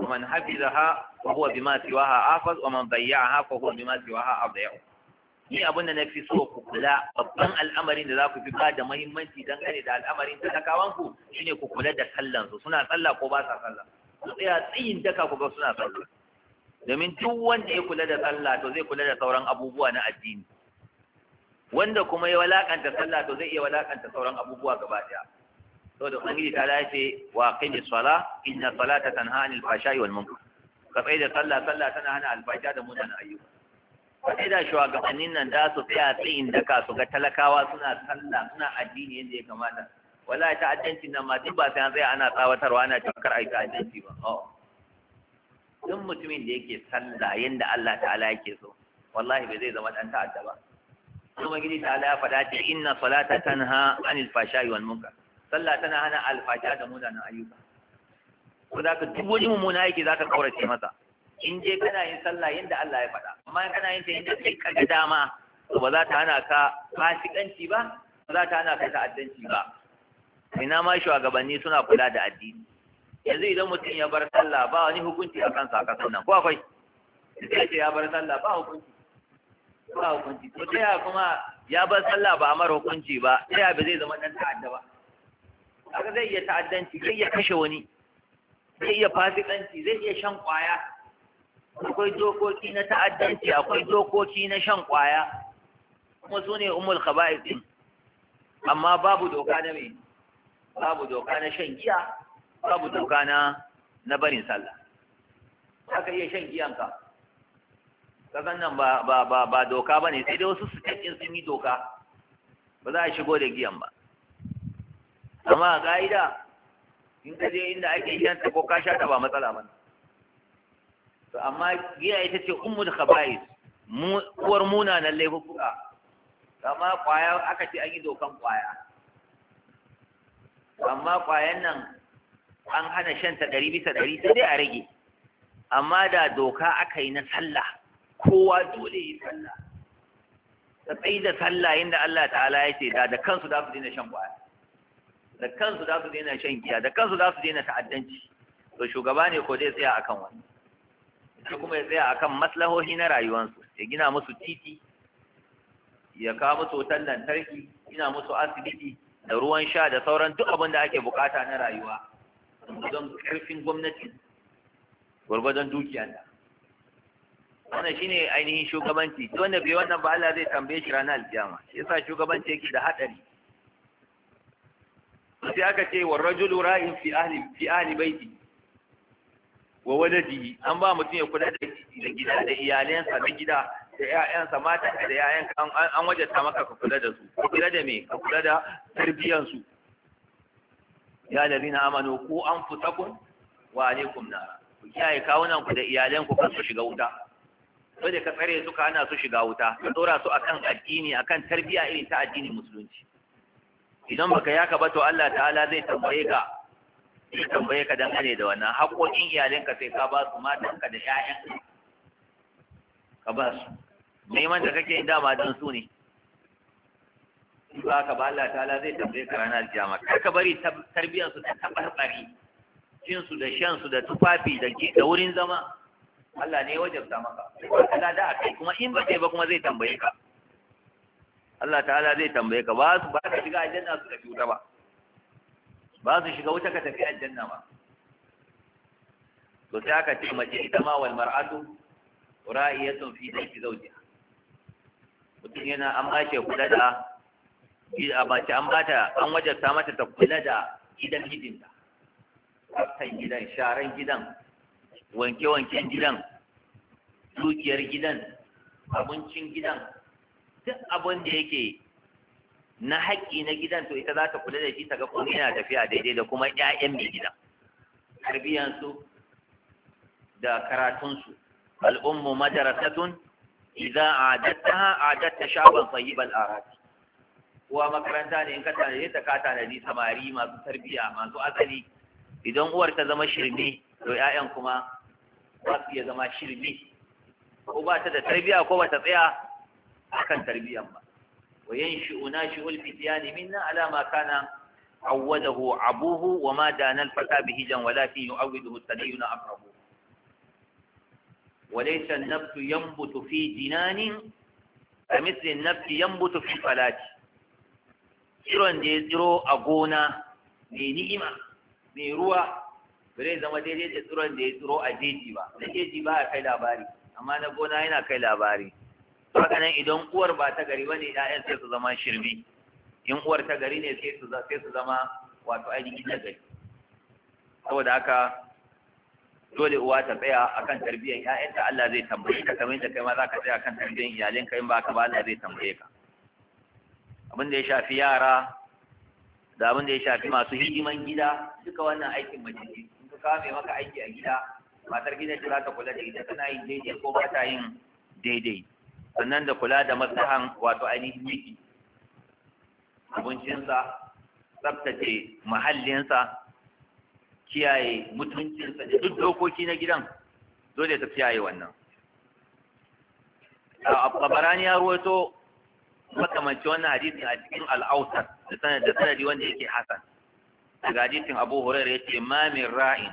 wa man hafizaha fa huwa bima siwaha afaz wa man dayya'aha fa huwa bima siwaha adaya'u ni abunda na fi so ku kula babban al'amarin da za ku fi ba da muhimmanci dangane da al'amarin talakawan ku shine ku kula da sallan su suna sallah ko ba sa sallah ku tsaya tsayin daka ku ga suna sallah domin duk wanda ya kula da sallah to zai kula da sauran abubuwa na addini wanda kuma ya walakanta sallah to zai iya walakanta sauran abubuwa gaba daya saboda ubangiji ta dace wa qimi sala inna salata tanha anil fahsha'i wal munkar ka tsaya da sallah sallah tana hana alfasha da munanan ayyuka ka tsaya da shugabannin nan da su tsaya tsayin daka su ga talakawa suna sallah suna addini yadda ya kamata wala ta'addanci nan ma duk ba sai an tsaya ana tsawatarwa ana a ai ta'addanci ba oh. duk mutumin da yake sallah yadda Allah ta'ala yake so wallahi bai zai zama dan ta'adda ba kuma gidi ta ta'ala ya faɗa ce inna salata tanha anil fahsha'i wal munkar sallah tana hana alfajiya da munanan ayyuka ko za ka duk wani mummuna yake za ka kaurace masa in je kana yin sallah yadda Allah ya faɗa amma in kana yin ta yadda kai ka ga dama to ba za ta hana ka fasikanci ba ba za ta hana ka ta'addanci ba ina ma shugabanni suna kula da addini yanzu idan mutum ya bar sallah ba wani hukunci a kansa a kasan nan ko akwai sai ce ya bar sallah ba hukunci ba hukunci to ta kuma ya bar sallah ba a mara hukunci ba ta ba zai zama dan ta'adda ba kaga zai iya ta'addanci zai iya kashe wani zai iya fasikanci zai iya shan kwaya akwai dokoki na ta'addanci akwai dokoki na shan kwaya kuma su ne umul khaba'is din amma babu doka na me babu doka na shan giya babu doka na na barin sallah haka iya shan giyanka kasan nan ba ba ba doka bane sai dai wasu su cikin sun yi doka ba za a shigo da giyan ba amma a in ka je inda ake shan ta ko ka sha ta ba matsala mana to amma giya ita ce ummul khaba'is uwar na laifuka amma kwaya aka ce an yi dokan kwaya amma kwayan nan an hana shan ta ɗari bisa ɗari sai dai a rage amma da doka aka yi na sallah kowa dole yi sallah ta tsaye da sallah inda Allah ta'ala ya ce da da kansu za su daina shan kwaya da kansu za su daina shan giya da kansu za su daina ta'addanci to shugaba ne ko zai tsaya akan wani sai kuma ya tsaya akan maslahohi na rayuwansu ya gina musu titi ya kawo musu wutar lantarki gina musu asibiti da ruwan sha da sauran duk abin da ake bukata na rayuwa don karfin gwamnati gwargwadon dukiya da wannan shine ainihin shugabanci wanda bai wannan ba Allah zai tambaye shi ranar alkiyama yasa shugabanci yake da hadari sai aka ce wa rajulu ra'in fi ahli fi ahli baiti wa waladihi an ba mutum ya kula da gida da iyalansa da gida da ƴaƴansa mata da ƴaƴanka an wajata maka ka kula da su ka kula da me ka kula da tarbiyan su ya ladina amanu ku anfusakum wa alaikum nara ku kiyaye kawunan ku da iyalan ku kan su shiga wuta dole ka tsare su ka ana su shiga wuta ka dora su akan addini akan tarbiya irin ta addinin musulunci idan baka ka ba to Allah ta'ala zai tambaye ka zai tambaye ka dangane da wannan haƙoƙin iyalinka sai ka ba su matanka da ƴaƴan ka ba su neman da kake ma don su ne ba ka ba Allah ta'ala zai tambaye ka ranar kiyama kar ka bari tarbiyyar su ta tabarbare cin su da shan su da tufafi da da wurin zama Allah ne ya wajabta maka Allah da kai kuma in ba kai ba kuma zai tambaye ka Allah ta'ala zai tambaye ka ba su ba ka shiga aljanna su tafi wuta ba ba su shiga wuta ka tafi aljanna ba to sai aka ce mace ita ma wal mar'atu ra'iyatun fi baiti zawjiha mutum yana an ba shi kula da a mace an ta an wajarta mata ta kula da gidan mijinta tsaftan gidan sharan gidan wanke-wanken gidan dukiyar gidan abincin gidan duk abin da yake na haƙƙi na gidan to ita za ta kula da shi ta ga kuma yana tafiya daidai da kuma ƴaƴan mai gidan tarbiyyansu da karatunsu al'ummu madarasatun idza adattaha adatta shaban tayyibal arati uwa makaranta ne in ka tanaje ta ka tanaji samari masu tarbiyya masu asali idan uwar ta zama shirme to ƴaƴan kuma za su iya zama shirme ko ba ta da tarbiyya ko ba ta tsaya akan tarbiyan ba wa shi nashi'ul fityan minna ala ma kana awwadahu abuhu wa ma dana al-fata bihi jan walakin yu'awwiduhu tadayyun aqrabu وليس النبت fi في جنان an النبت yanbutu fi falati tsiron da ya tsiro a gona mai ni'ima mai ruwa bare zama daidai da tsiron da ya tsiro a jeji ba na jeji ba a kai labari amma na gona yana kai labari haka nan idan uwar ba ta gari ne 'ya'yan sai su zama shirme in uwar ta gari ne sai su sai su zama wato ainihin na gari saboda haka dole uwa ta tsaya akan tarbiyyar 'ya'yanta Allah zai tambaye ka kamar yadda kai ma za ka tsaya akan tarbiyyar iyalinka in ba ka ba Allah zai tambaye ka abin da ya shafi yara da abin da ya shafi masu hidiman gida duka wannan aikin mace ne in ka kawo maka aiki a gida matar gidan ta za ta kula da ita tana yin daidai ko ba ta yin daidai sannan da kula da maslahan wato ainihin miki abincinsa tsabtace mahallinsa kiyaye mutuncinsa da duk dokoki na gidan dole ta kiyaye wannan tabarani ya ruwaito makamanci wannan hadisin a cikin al'autar da sanadi wanda yake hasan daga hadisin abu hurairu ya ce mamin ra'in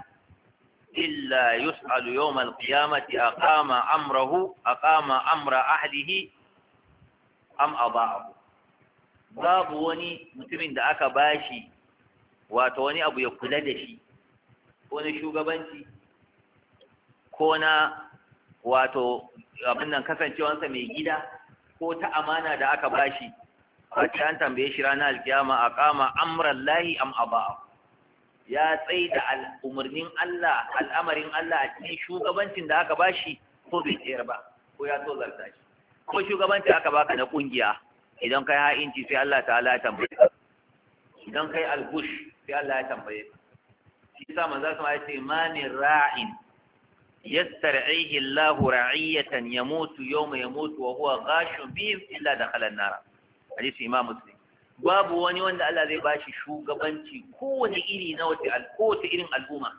إلا يسأل يوم القيامة أقام أمره أقام أمر أهله أم أضاعه باب وني متمن دا أكا باشي kula أبو shi. Ko وني شو قبنتي كونا wato abin nan kasancewansa mai gida ko ta amana da aka bashi a an tambaye shi ranar alkiyama a kama amran lahi am aba ya tsai da umarnin Allah al'amarin Allah a cikin shugabancin da aka bashi ko bai tsayar ba ko ya so zarta shi ko shugabanci aka baka na kungiya idan kai ha'inci sai Allah ta'ala ya tambaye ka idan kai algush sai Allah ya tambaye ka shi yasa manzo sama ya ce mani ra'in yastar'ihi Allah ra'iyatan yamutu yawma yamutu wa huwa ghashun bi illa dakhala an-nar hadisi imam muslim babu wani wanda Allah zai bashi shugabanci kowane iri na wata kowace irin al'umma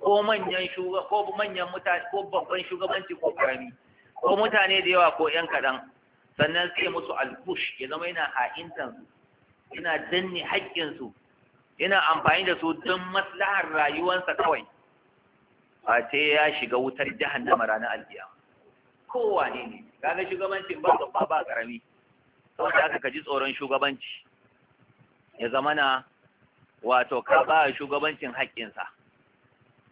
ko manyan shugaba ko manyan mutane ko babban shugabanci ko karami ko mutane da yawa ko yan kaɗan sannan sai musu alkush ya zama yana ha'intan su yana danne haƙƙin su yana amfani da su don maslahar rayuwarsa kawai a ce ya shiga wutar jahannama ranar alkiyama kowane ne kaga shugabancin ba babba ba karami saboda aka ka ji tsoron shugabanci ya zama na wato ka ba shugabancin haƙƙinsa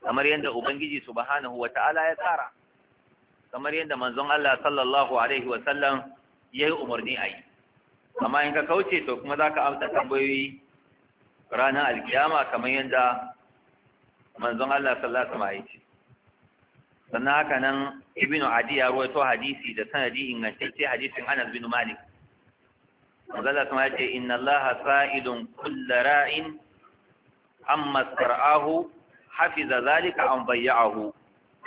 kamar yadda ubangiji subhanahu wata'ala ya tsara kamar yadda manzon Allah sallallahu alaihi wasallam ya yi umarni a yi amma in ka kauce to kuma za ka amsa tambayoyi ranar alkiyama kamar yadda manzon Allah sallallahu alaihi wasallam sannan haka nan ibnu adi ya ruwaito hadisi da sanadi ingantacce hadisin Anas bin Malik magana kuma ya ce inna Allah sa'idun kulla ra'in amma sar'ahu hafiza zalika an bayya'ahu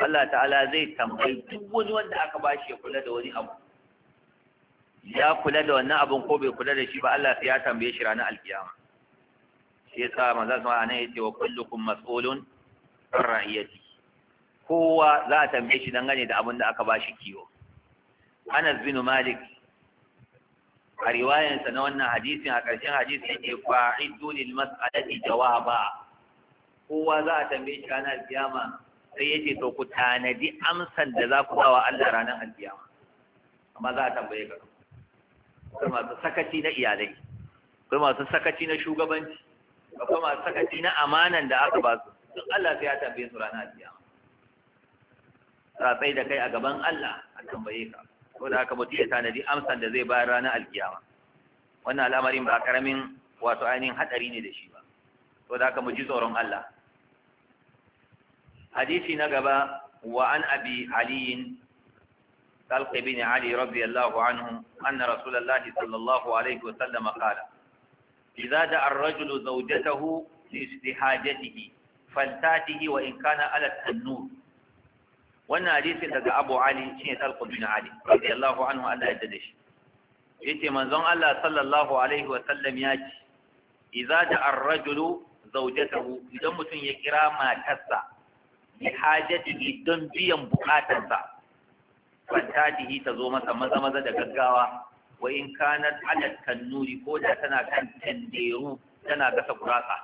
Allah ta'ala zai tambayi duk wani wanda aka ba shi ya kula da wani abu ya kula da wannan abin ko bai kula da shi ba Allah sai ya tambaye shi ranar alkiyama shi yasa manzo sallallahu alaihi wasallam yace wa kullukun mas'ulun an ra'iyati kowa za a tambaye shi dangane da abin da aka ba shi kiwo Anas bin Malik a riwayansa na wannan hadisin a ƙarshen hadisin yake fa'iddu lil mas'alati jawaba kowa za a tambaye shi ranar alfiyama sai yace to ku tanadi amsan da za ku bawa Allah ranar alkiyama amma za a tambaye ka akwai masu sakaci na iyalai akwai masu sakaci na shugabanci akwai masu sakaci na amanan da aka ba su don Allah sai ya tambaye su ranar alkiyama sai da kai a gaban Allah a tambaye ka saboda aka mutu ya tanadi amsan da zai bayar ranar alkiyama wannan al'amarin ba karamin wato ainihin hadari ne da shi ba saboda aka mutu tsoron Allah hadisi na gaba wa an abi aliyin طلق بن علي رضي الله عنه أن رسول الله صلى الله عليه وسلم قال إذا دعا الرجل زوجته لحاجته فلتاته وإن كان على التنور wannan hadisin daga Abu Ali shine Talq bin Ali radiyallahu anhu Allah ya dade shi yace manzon Allah sallallahu alaihi wa sallam ya ce idza da ar-rajulu zawjatahu idan mutum ya kira matarsa li hajatihi don biyan bukatarsa fantatihi ta zo masa maza maza da gaggawa wa in kanat ala tannuri ko da tana kan tanderu tana gasa gurasa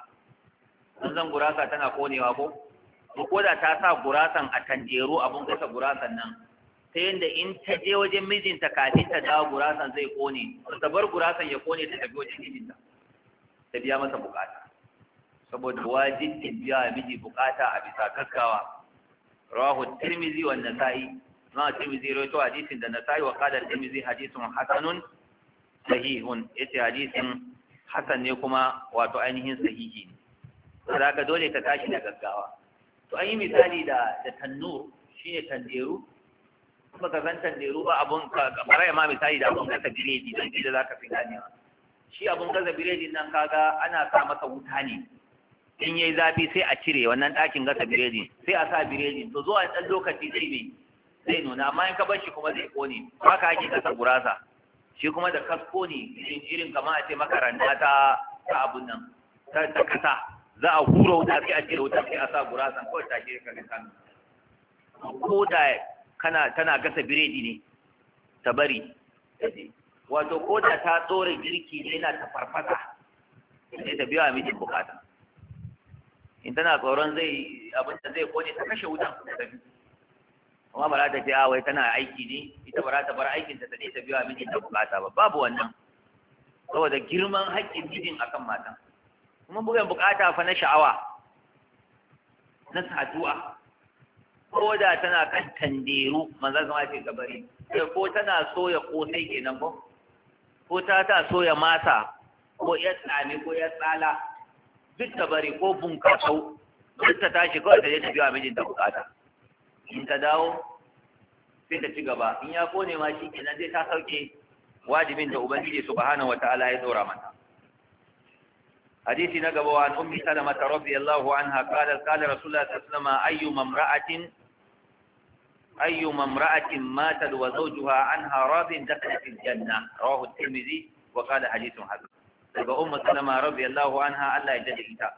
sun zan gurasa tana konewa ko to ko da ta sa gurasan a tanjeru abun kasa gurasan nan ta yadda in ta je wajen mijinta kafin ta dawo gurasan zai kone ta bar gurasan ya kone ta tafi wajen mijinta ta biya masa bukata saboda wajibin biya miji bukata a bisa gaggawa rahu tirmizi wa nasa'i ma tirmizi rawaito hadisin da nasa'i wa qala tirmizi hadisun hasanun sahihun yace hadisin hasan ne kuma wato ainihin sahihi ne saboda dole ka tashi da gaggawa to an yi misali da da tannur ne tanderu kuma ka san tanderu ba abun ka ya ma misali da abun gasa biredi gida da zaka fi ganewa shi abun gasa biredi nan kaga ana sa masa wuta ne in yayi zafi sai a cire wannan ɗakin gasa biredi sai a sa biredi to zuwa ɗan lokaci shi ne, zai nuna amma in ka bar shi kuma zai kone ka ake gasa gurasa shi kuma da kasko ne irin kamar a ce makaranta ta abun nan ta kasa za a hura wuta sai a cire wuta sai a sa gurasa kawai ta shi ka kan ko da kana tana gasa biredi ne ta bari wato ko da ta tsore girki ne yana ta farfasa sai ta biya miji bukata in tana tsoron zai abinda zai kone ta kashe wutan ta bi amma ba za ta ce awai ah, tana aiki ne ita ba za ta bar aikinta ta ne ta biya miji ta bukata ba babu wannan saboda girman haƙƙin mijin akan matan kuma bugan bukata fa na sha'awa na saduwa ko da tana kan tanderu manzan zama ce gabari eh, ko tana soya kosai kenan ko ko ta ta soya masa ko ya tsami ko ya tsala duk ta bari ko bunkasau duk ta tashi kawai ta je ta biya mijinta bukata in ta dawo sai ta ci gaba in ya kone ma shi kenan zai ta sauke wajibin da ubangiji subhanahu wataala ya dora mata hadisi na gaba an ummi salama ta radiyallahu anha qala qala rasulullah sallallahu alaihi wasallam ayyu mamra'atin ayyu mamra'atin matat wa zawjuha anha radin dakhalat al-janna rawahu at-tirmidhi wa qala hadithun hasan daga ummu anha Allah ya dade ita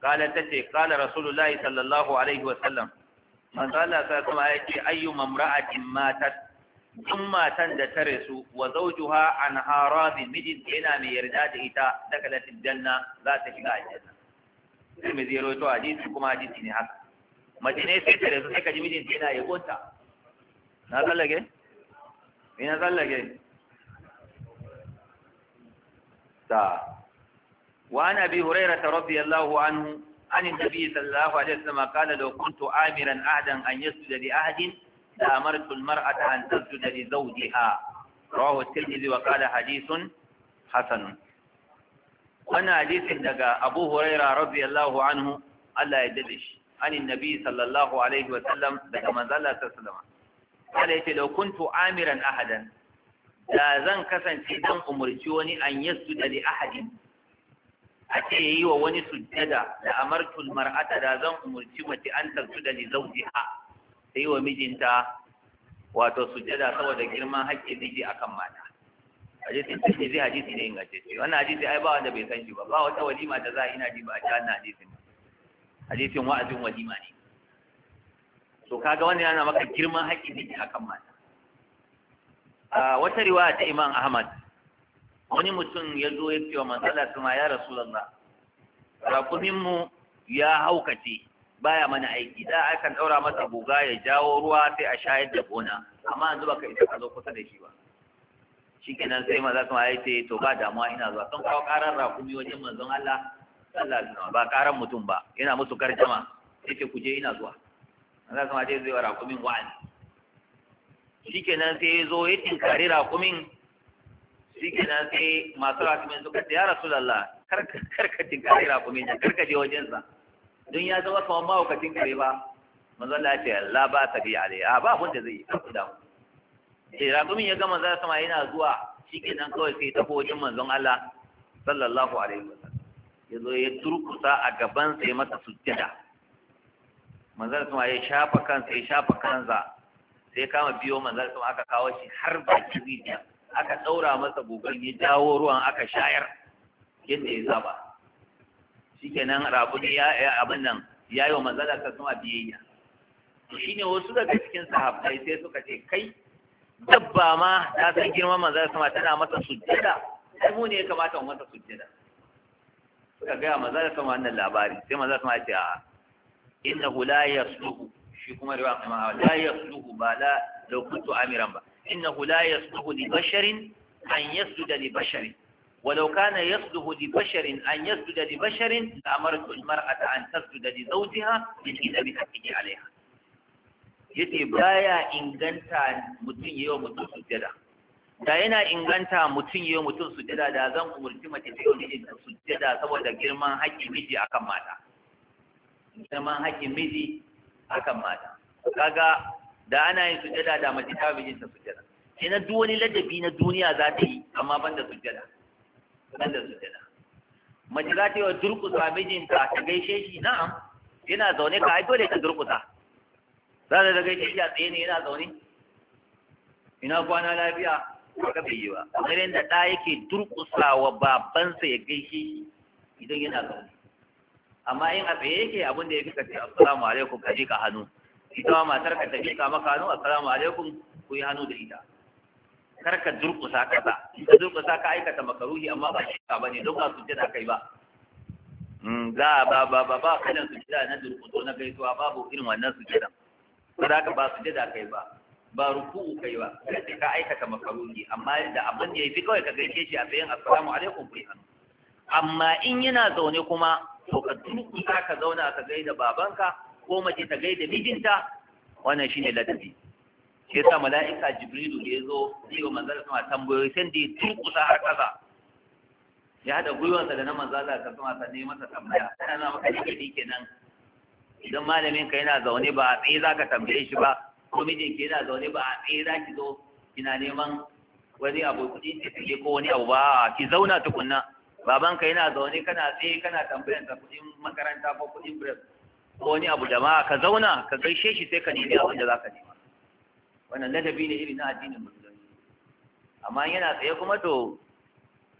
qala tace qala rasulullah sallallahu alaihi wasallam man qala sallallahu alaihi in matan da ta su wa zawjuha an harabi mijin yana mai yarda da ita dakalat aljanna za ta shiga aljanna Tirmidhi ya rawaito hadisi kuma hadisi ne haka mace ne sai ta su sai ka ji mijin yana yabonta na tsallake me na tsallage ta wa an abi hurairah radiyallahu anhu عن النبي صلى Alaihi عليه وسلم قال لو كنت آمرا أحدا أن يسجد Ahadin. استأمرت المرأة أن تسجد لزوجها رواه الترمذي وقال حديث حسن وانا حديث دقا أبو هريرة رضي الله عنه ألا يدلش عن النبي صلى الله عليه وسلم دقا من ظل تسلم قال لو كنت آمرا أحدا da zan kasance zan umarci wani an yasjuda li ahadin a ce yi wa wani sujjada da amartul mar'ata da zan umarci mace an tasjuda li zawjiha ta yi wa mijinta wato sujada saboda girman haƙƙin miji kan mata hadisi ne zai hadisi ne ce wannan hadisi ai ba wanda bai san shi ba ba wata walima da za a ina ji ba a ci wannan hadisin hadisin wa'azin walima ne to kaga wannan yana maka girman haƙƙin miji kan mata a wata riwaya ta Imam Ahmad wani mutum ya zo ya ce wa manzala kuma ya Rasulullah rakumin mu ya haukace baya mana aiki da kan ɗaura masa guga ya jawo ruwa sai a shayar da gona amma yanzu baka isa ka zo kusa da shi ba shikenan sai maza kuma ya ce to ba damuwa ina zuwa sun kawo karar rakumi wajen manzon Allah sallallahu alaihi wasallam ba karar mutum ba yana musu karjama sai ce ku je ina zuwa maza kuma ce zai wa rakumin wa'azi shikenan sai ya zo ya tinkari rakumin shikenan sai masu rakumin suka ce ya rasulullah kar ka tinkari rakumin kar ka je wajensa don ya zama kamar mahaukacin kare ba manzo Allah ya ce Allah ba ta bi alai a ba abin zai yi ku da eh ragumin ya ga manzo sama yana zuwa shikenan kawai sai ta wajen manzon Allah sallallahu alaihi wasallam ya zo ya turkusa a gaban sai masa sujjada manzo sama ya shafa kansa ya shafa kansa sai kama biyo manzon sama aka kawo shi har ba rijiya aka daura masa gogon ya jawo ruwan aka shayar yadda ya saba shikenan rabuni ya abin nan ya yi wa manzala ta sama biyayya shi ne wasu daga cikin sahabbai sai suka ce kai dabba ma ta san girman manzala sama tana masa sujjada Sai mu ne ya kamata mu masa sujjada suka gaya manzala sama wannan labari sai manzala sama ya ce a'a innahu la yasluhu shi kuma riwa kuma la yasluhu ba la lokutu amiran ba innahu la yasluhu li basharin an yasjuda li basharin ولو كان يصده لبشر أن يسجد لبشر لأمرت المرأة أن تسجد لزوجها من إذا بحقه عليها yace baya inganta mutum yi wa mutum sujjada da yana inganta mutum yi wa mutum sujjada da zan umurci mace ta yi sujjada saboda girman haƙƙin miji akan mata girman haƙƙin miji akan mata kaga da ana yin sujjada da mace ta mijinta sujjada sai na duk wani ladabi na duniya za ta yi amma ban da sujjada ban da sujada mace za ta yi wa durƙusa mijinta ta gaishe shi na, yana zaune ka haifo da ta durƙusa za ta da gaishe shi a tsaye ne yana zaune ina kwana lafiya ka bai yi ba kamar yadda ɗa yake durƙusa wa babansa ya gaishe shi idan yana zaune amma in a tsaye yake abin da ya fi kace assalamu alaikum ka je ka hannu ita ma matar ka ta miƙa maka hannu assalamu alaikum ku yi hannu da ita kar ka durƙusa ƙasa in ka durƙusa ka aikata makaruhi amma ba shi ka bane don ba su jira kai ba hmm, za a ba ba ba ba kalan su jira na durƙuso na gaisuwa babu irin wannan su jira ba za ka ba su jira kai ba ba ruku'u kai ba sai ka aikata makaruhi amma da abin da ya fi kawai ka gaishe shi a tsayin assalamu alaikum kai hannu amma in yana zaune kuma to ka durƙusa ka zauna ka gaida babanka ko mace ta gaida mijinta wannan shine ladabi ke yasa mala'ika jibrilu da ya zo zai wa manzala sama tambayoyi sai da ya turkusa har ƙasa ya haɗa gwiwansa da na manzala ka sama sannan ne masa tambaya ana nuna maka jikiri kenan idan malamin ka yana zaune ba a tsaye za ka tambaye shi ba ko mijin ki yana zaune ba a tsaye za ki zo kina neman wani abu kuɗi ki tsaye ko wani abu ba ki zauna tukunna baban ka yana zaune kana tsaye kana tambayan ta kuɗin makaranta ko kuɗin bref ko wani abu da ma ka zauna ka gaishe shi sai ka nemi abin da za ka nemi wannan ladabi ne iri na addinin musulunci amma yana tsaye kuma to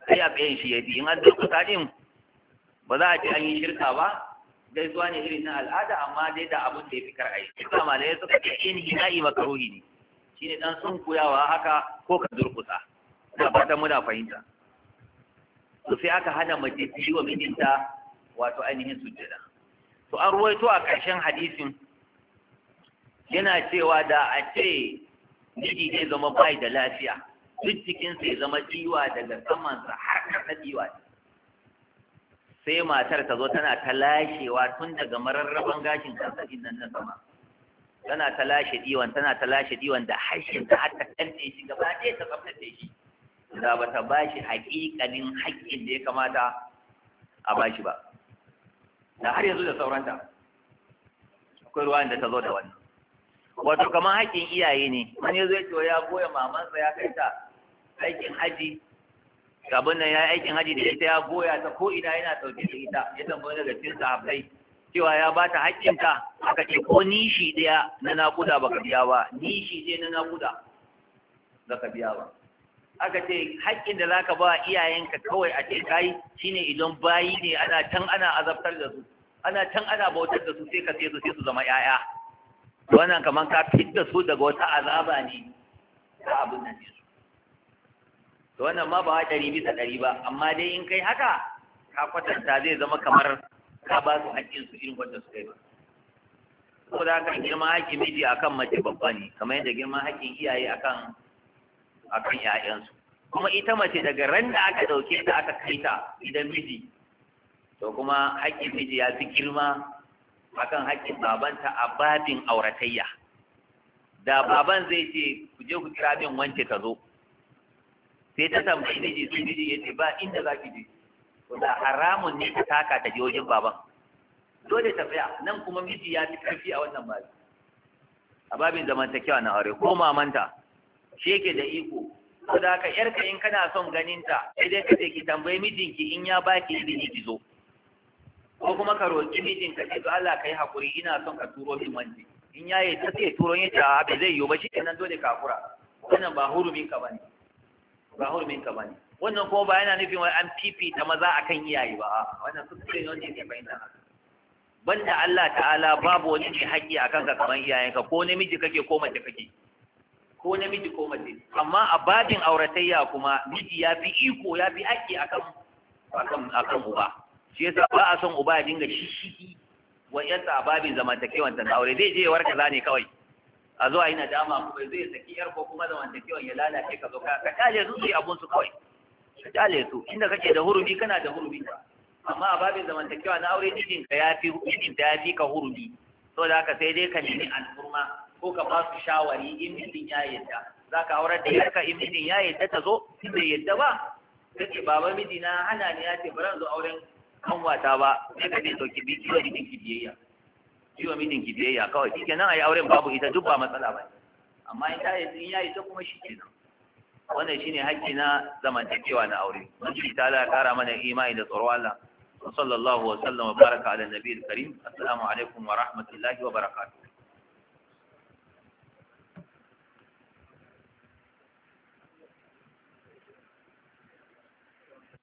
sai a tsayin shi ya ji in an durkusa din ba za a ce an yi shirka ba gaisuwa ne irin na al'ada amma dai da abun da ya fi kar'ai shirka malai suka ce in hina'i makaruhi ne shine dan sun kuyawa haka ko ka durkusa na fatan muna fahimta to sai aka hana mace ta yi wa mijinta wato ainihin sujjada to an ruwaito a ƙarshen hadisin yana cewa da a ce miji zai zama bai da lafiya duk cikin ya zama ciwa daga samansa har ƙasa ciwa sai matar ta zo tana ta lashewa tun daga mararraban gashin kansa din nan sama tana ta lashe diwan tana ta lashe diwan da harshen ta har ta kalle shi gaba ɗaya ta tsaftace shi da ba ta bashi haƙiƙanin haƙƙin da ya kamata a bashi ba da har yanzu da sauranta akwai ruwan da ta zo da wannan wato kamar haƙƙin iyaye ne wani ya zo cewa ya goya mamansa ya kai ta aikin haji abin nan ya aikin haji da ita ya goya ta ko ina yana ɗauke da ita ya tambayi daga cikin sahabbai cewa ya ba ta haƙƙinta aka ce ko nishi ɗaya na naƙuda ba ka biya ba nishi ɗaya na naƙuda ba ka biya ba aka ce haƙƙin da zaka ba iyayenka kawai a ce kai shine idan bayi ne ana can ana azabtar da su ana can ana bautar da su sai ka sai su sai su zama 'ya'ya wannan kamar ka fitta su daga wata azaba ne ta abin da su to wannan ma ba ɗari bisa ɗari ba amma dai in kai haka ka kwatanta zai zama kamar ka ba su haƙƙin su irin wanda suka yi ba da haka girman haƙƙin miji akan mace babba ne kamar yadda girman haƙƙin iyaye akan akan ƴaƴansu kuma ita mace daga ran da aka ɗauke ta aka kai ta idan miji to kuma haƙƙin miji ya fi girma akan haƙƙin babanta a babin auratayya da baban zai ce ku je ku kira min wance ta zo sai ta tambayi miji sai miji ya ce ba inda za ki je da haramun ne ta taka ta je wajen baban dole ta tsaya nan kuma miji ya fi karfi a wannan babi a babin zamantakewa na aure ko mamanta shi da iko da ka yarka in kana son ganinta sai dai ka ce ki tambayi mijinki in ya baki izini ki zo ko kuma ka roƙi mijin ka ce eh, to Allah kai hakuri ina son ka turo min wanji in ya yi ta sai turo ya ta a zai yi ba shi kenan dole ka kura wannan ba hurumin ka bane ba hurumin ka bane wannan kuma ba yana nufin wai an ta maza akan iyaye ba wannan kuskure ne wanda yake bayyana banda Allah ta'ala babu wani ne haƙƙi akan ka kaman iyayenka ko namiji kake ko mace kake ko namiji ko mace amma a babin auratayya kuma miji ya fi iko ya fi haƙƙi akan akan akan uba shi yasa ba a son uba ya dinga shi wa yan a babin zamantakewan ta aure zai je warka zane kawai a zuwa yana dama kuma zai saki yar ko kuma zamantakewan ya lalace ka zo ka kyale su sai abun su kawai ka kyale su inda kake da hurumi kana da hurumi amma a babin zamantakewa na aure mijin ka yafi mijin ta yafi ka hurumi saboda haka sai dai ka nemi alfurma ko ka ba su shawari in mijin ya yadda za ka aurar da yarka in mijin ya yadda ta zo in bai yadda ba ta baba miji na hana ni ya ce bari zo auren kan wata ba sai ka ne dauki biki wa jikin kibiyayya biyayya kiwa mijin kibiyayya biyayya kawai shi kenan ayi auren babu ita duk ba matsala ba amma in ta yi ya yi ta kuma shi kenan wannan shine hakki na zamantakewa na aure wani ta la kara mana imani da tsaro Allah sallallahu wa sallam wa baraka ala nabiyil karim assalamu alaikum wa rahmatullahi wa barakatuh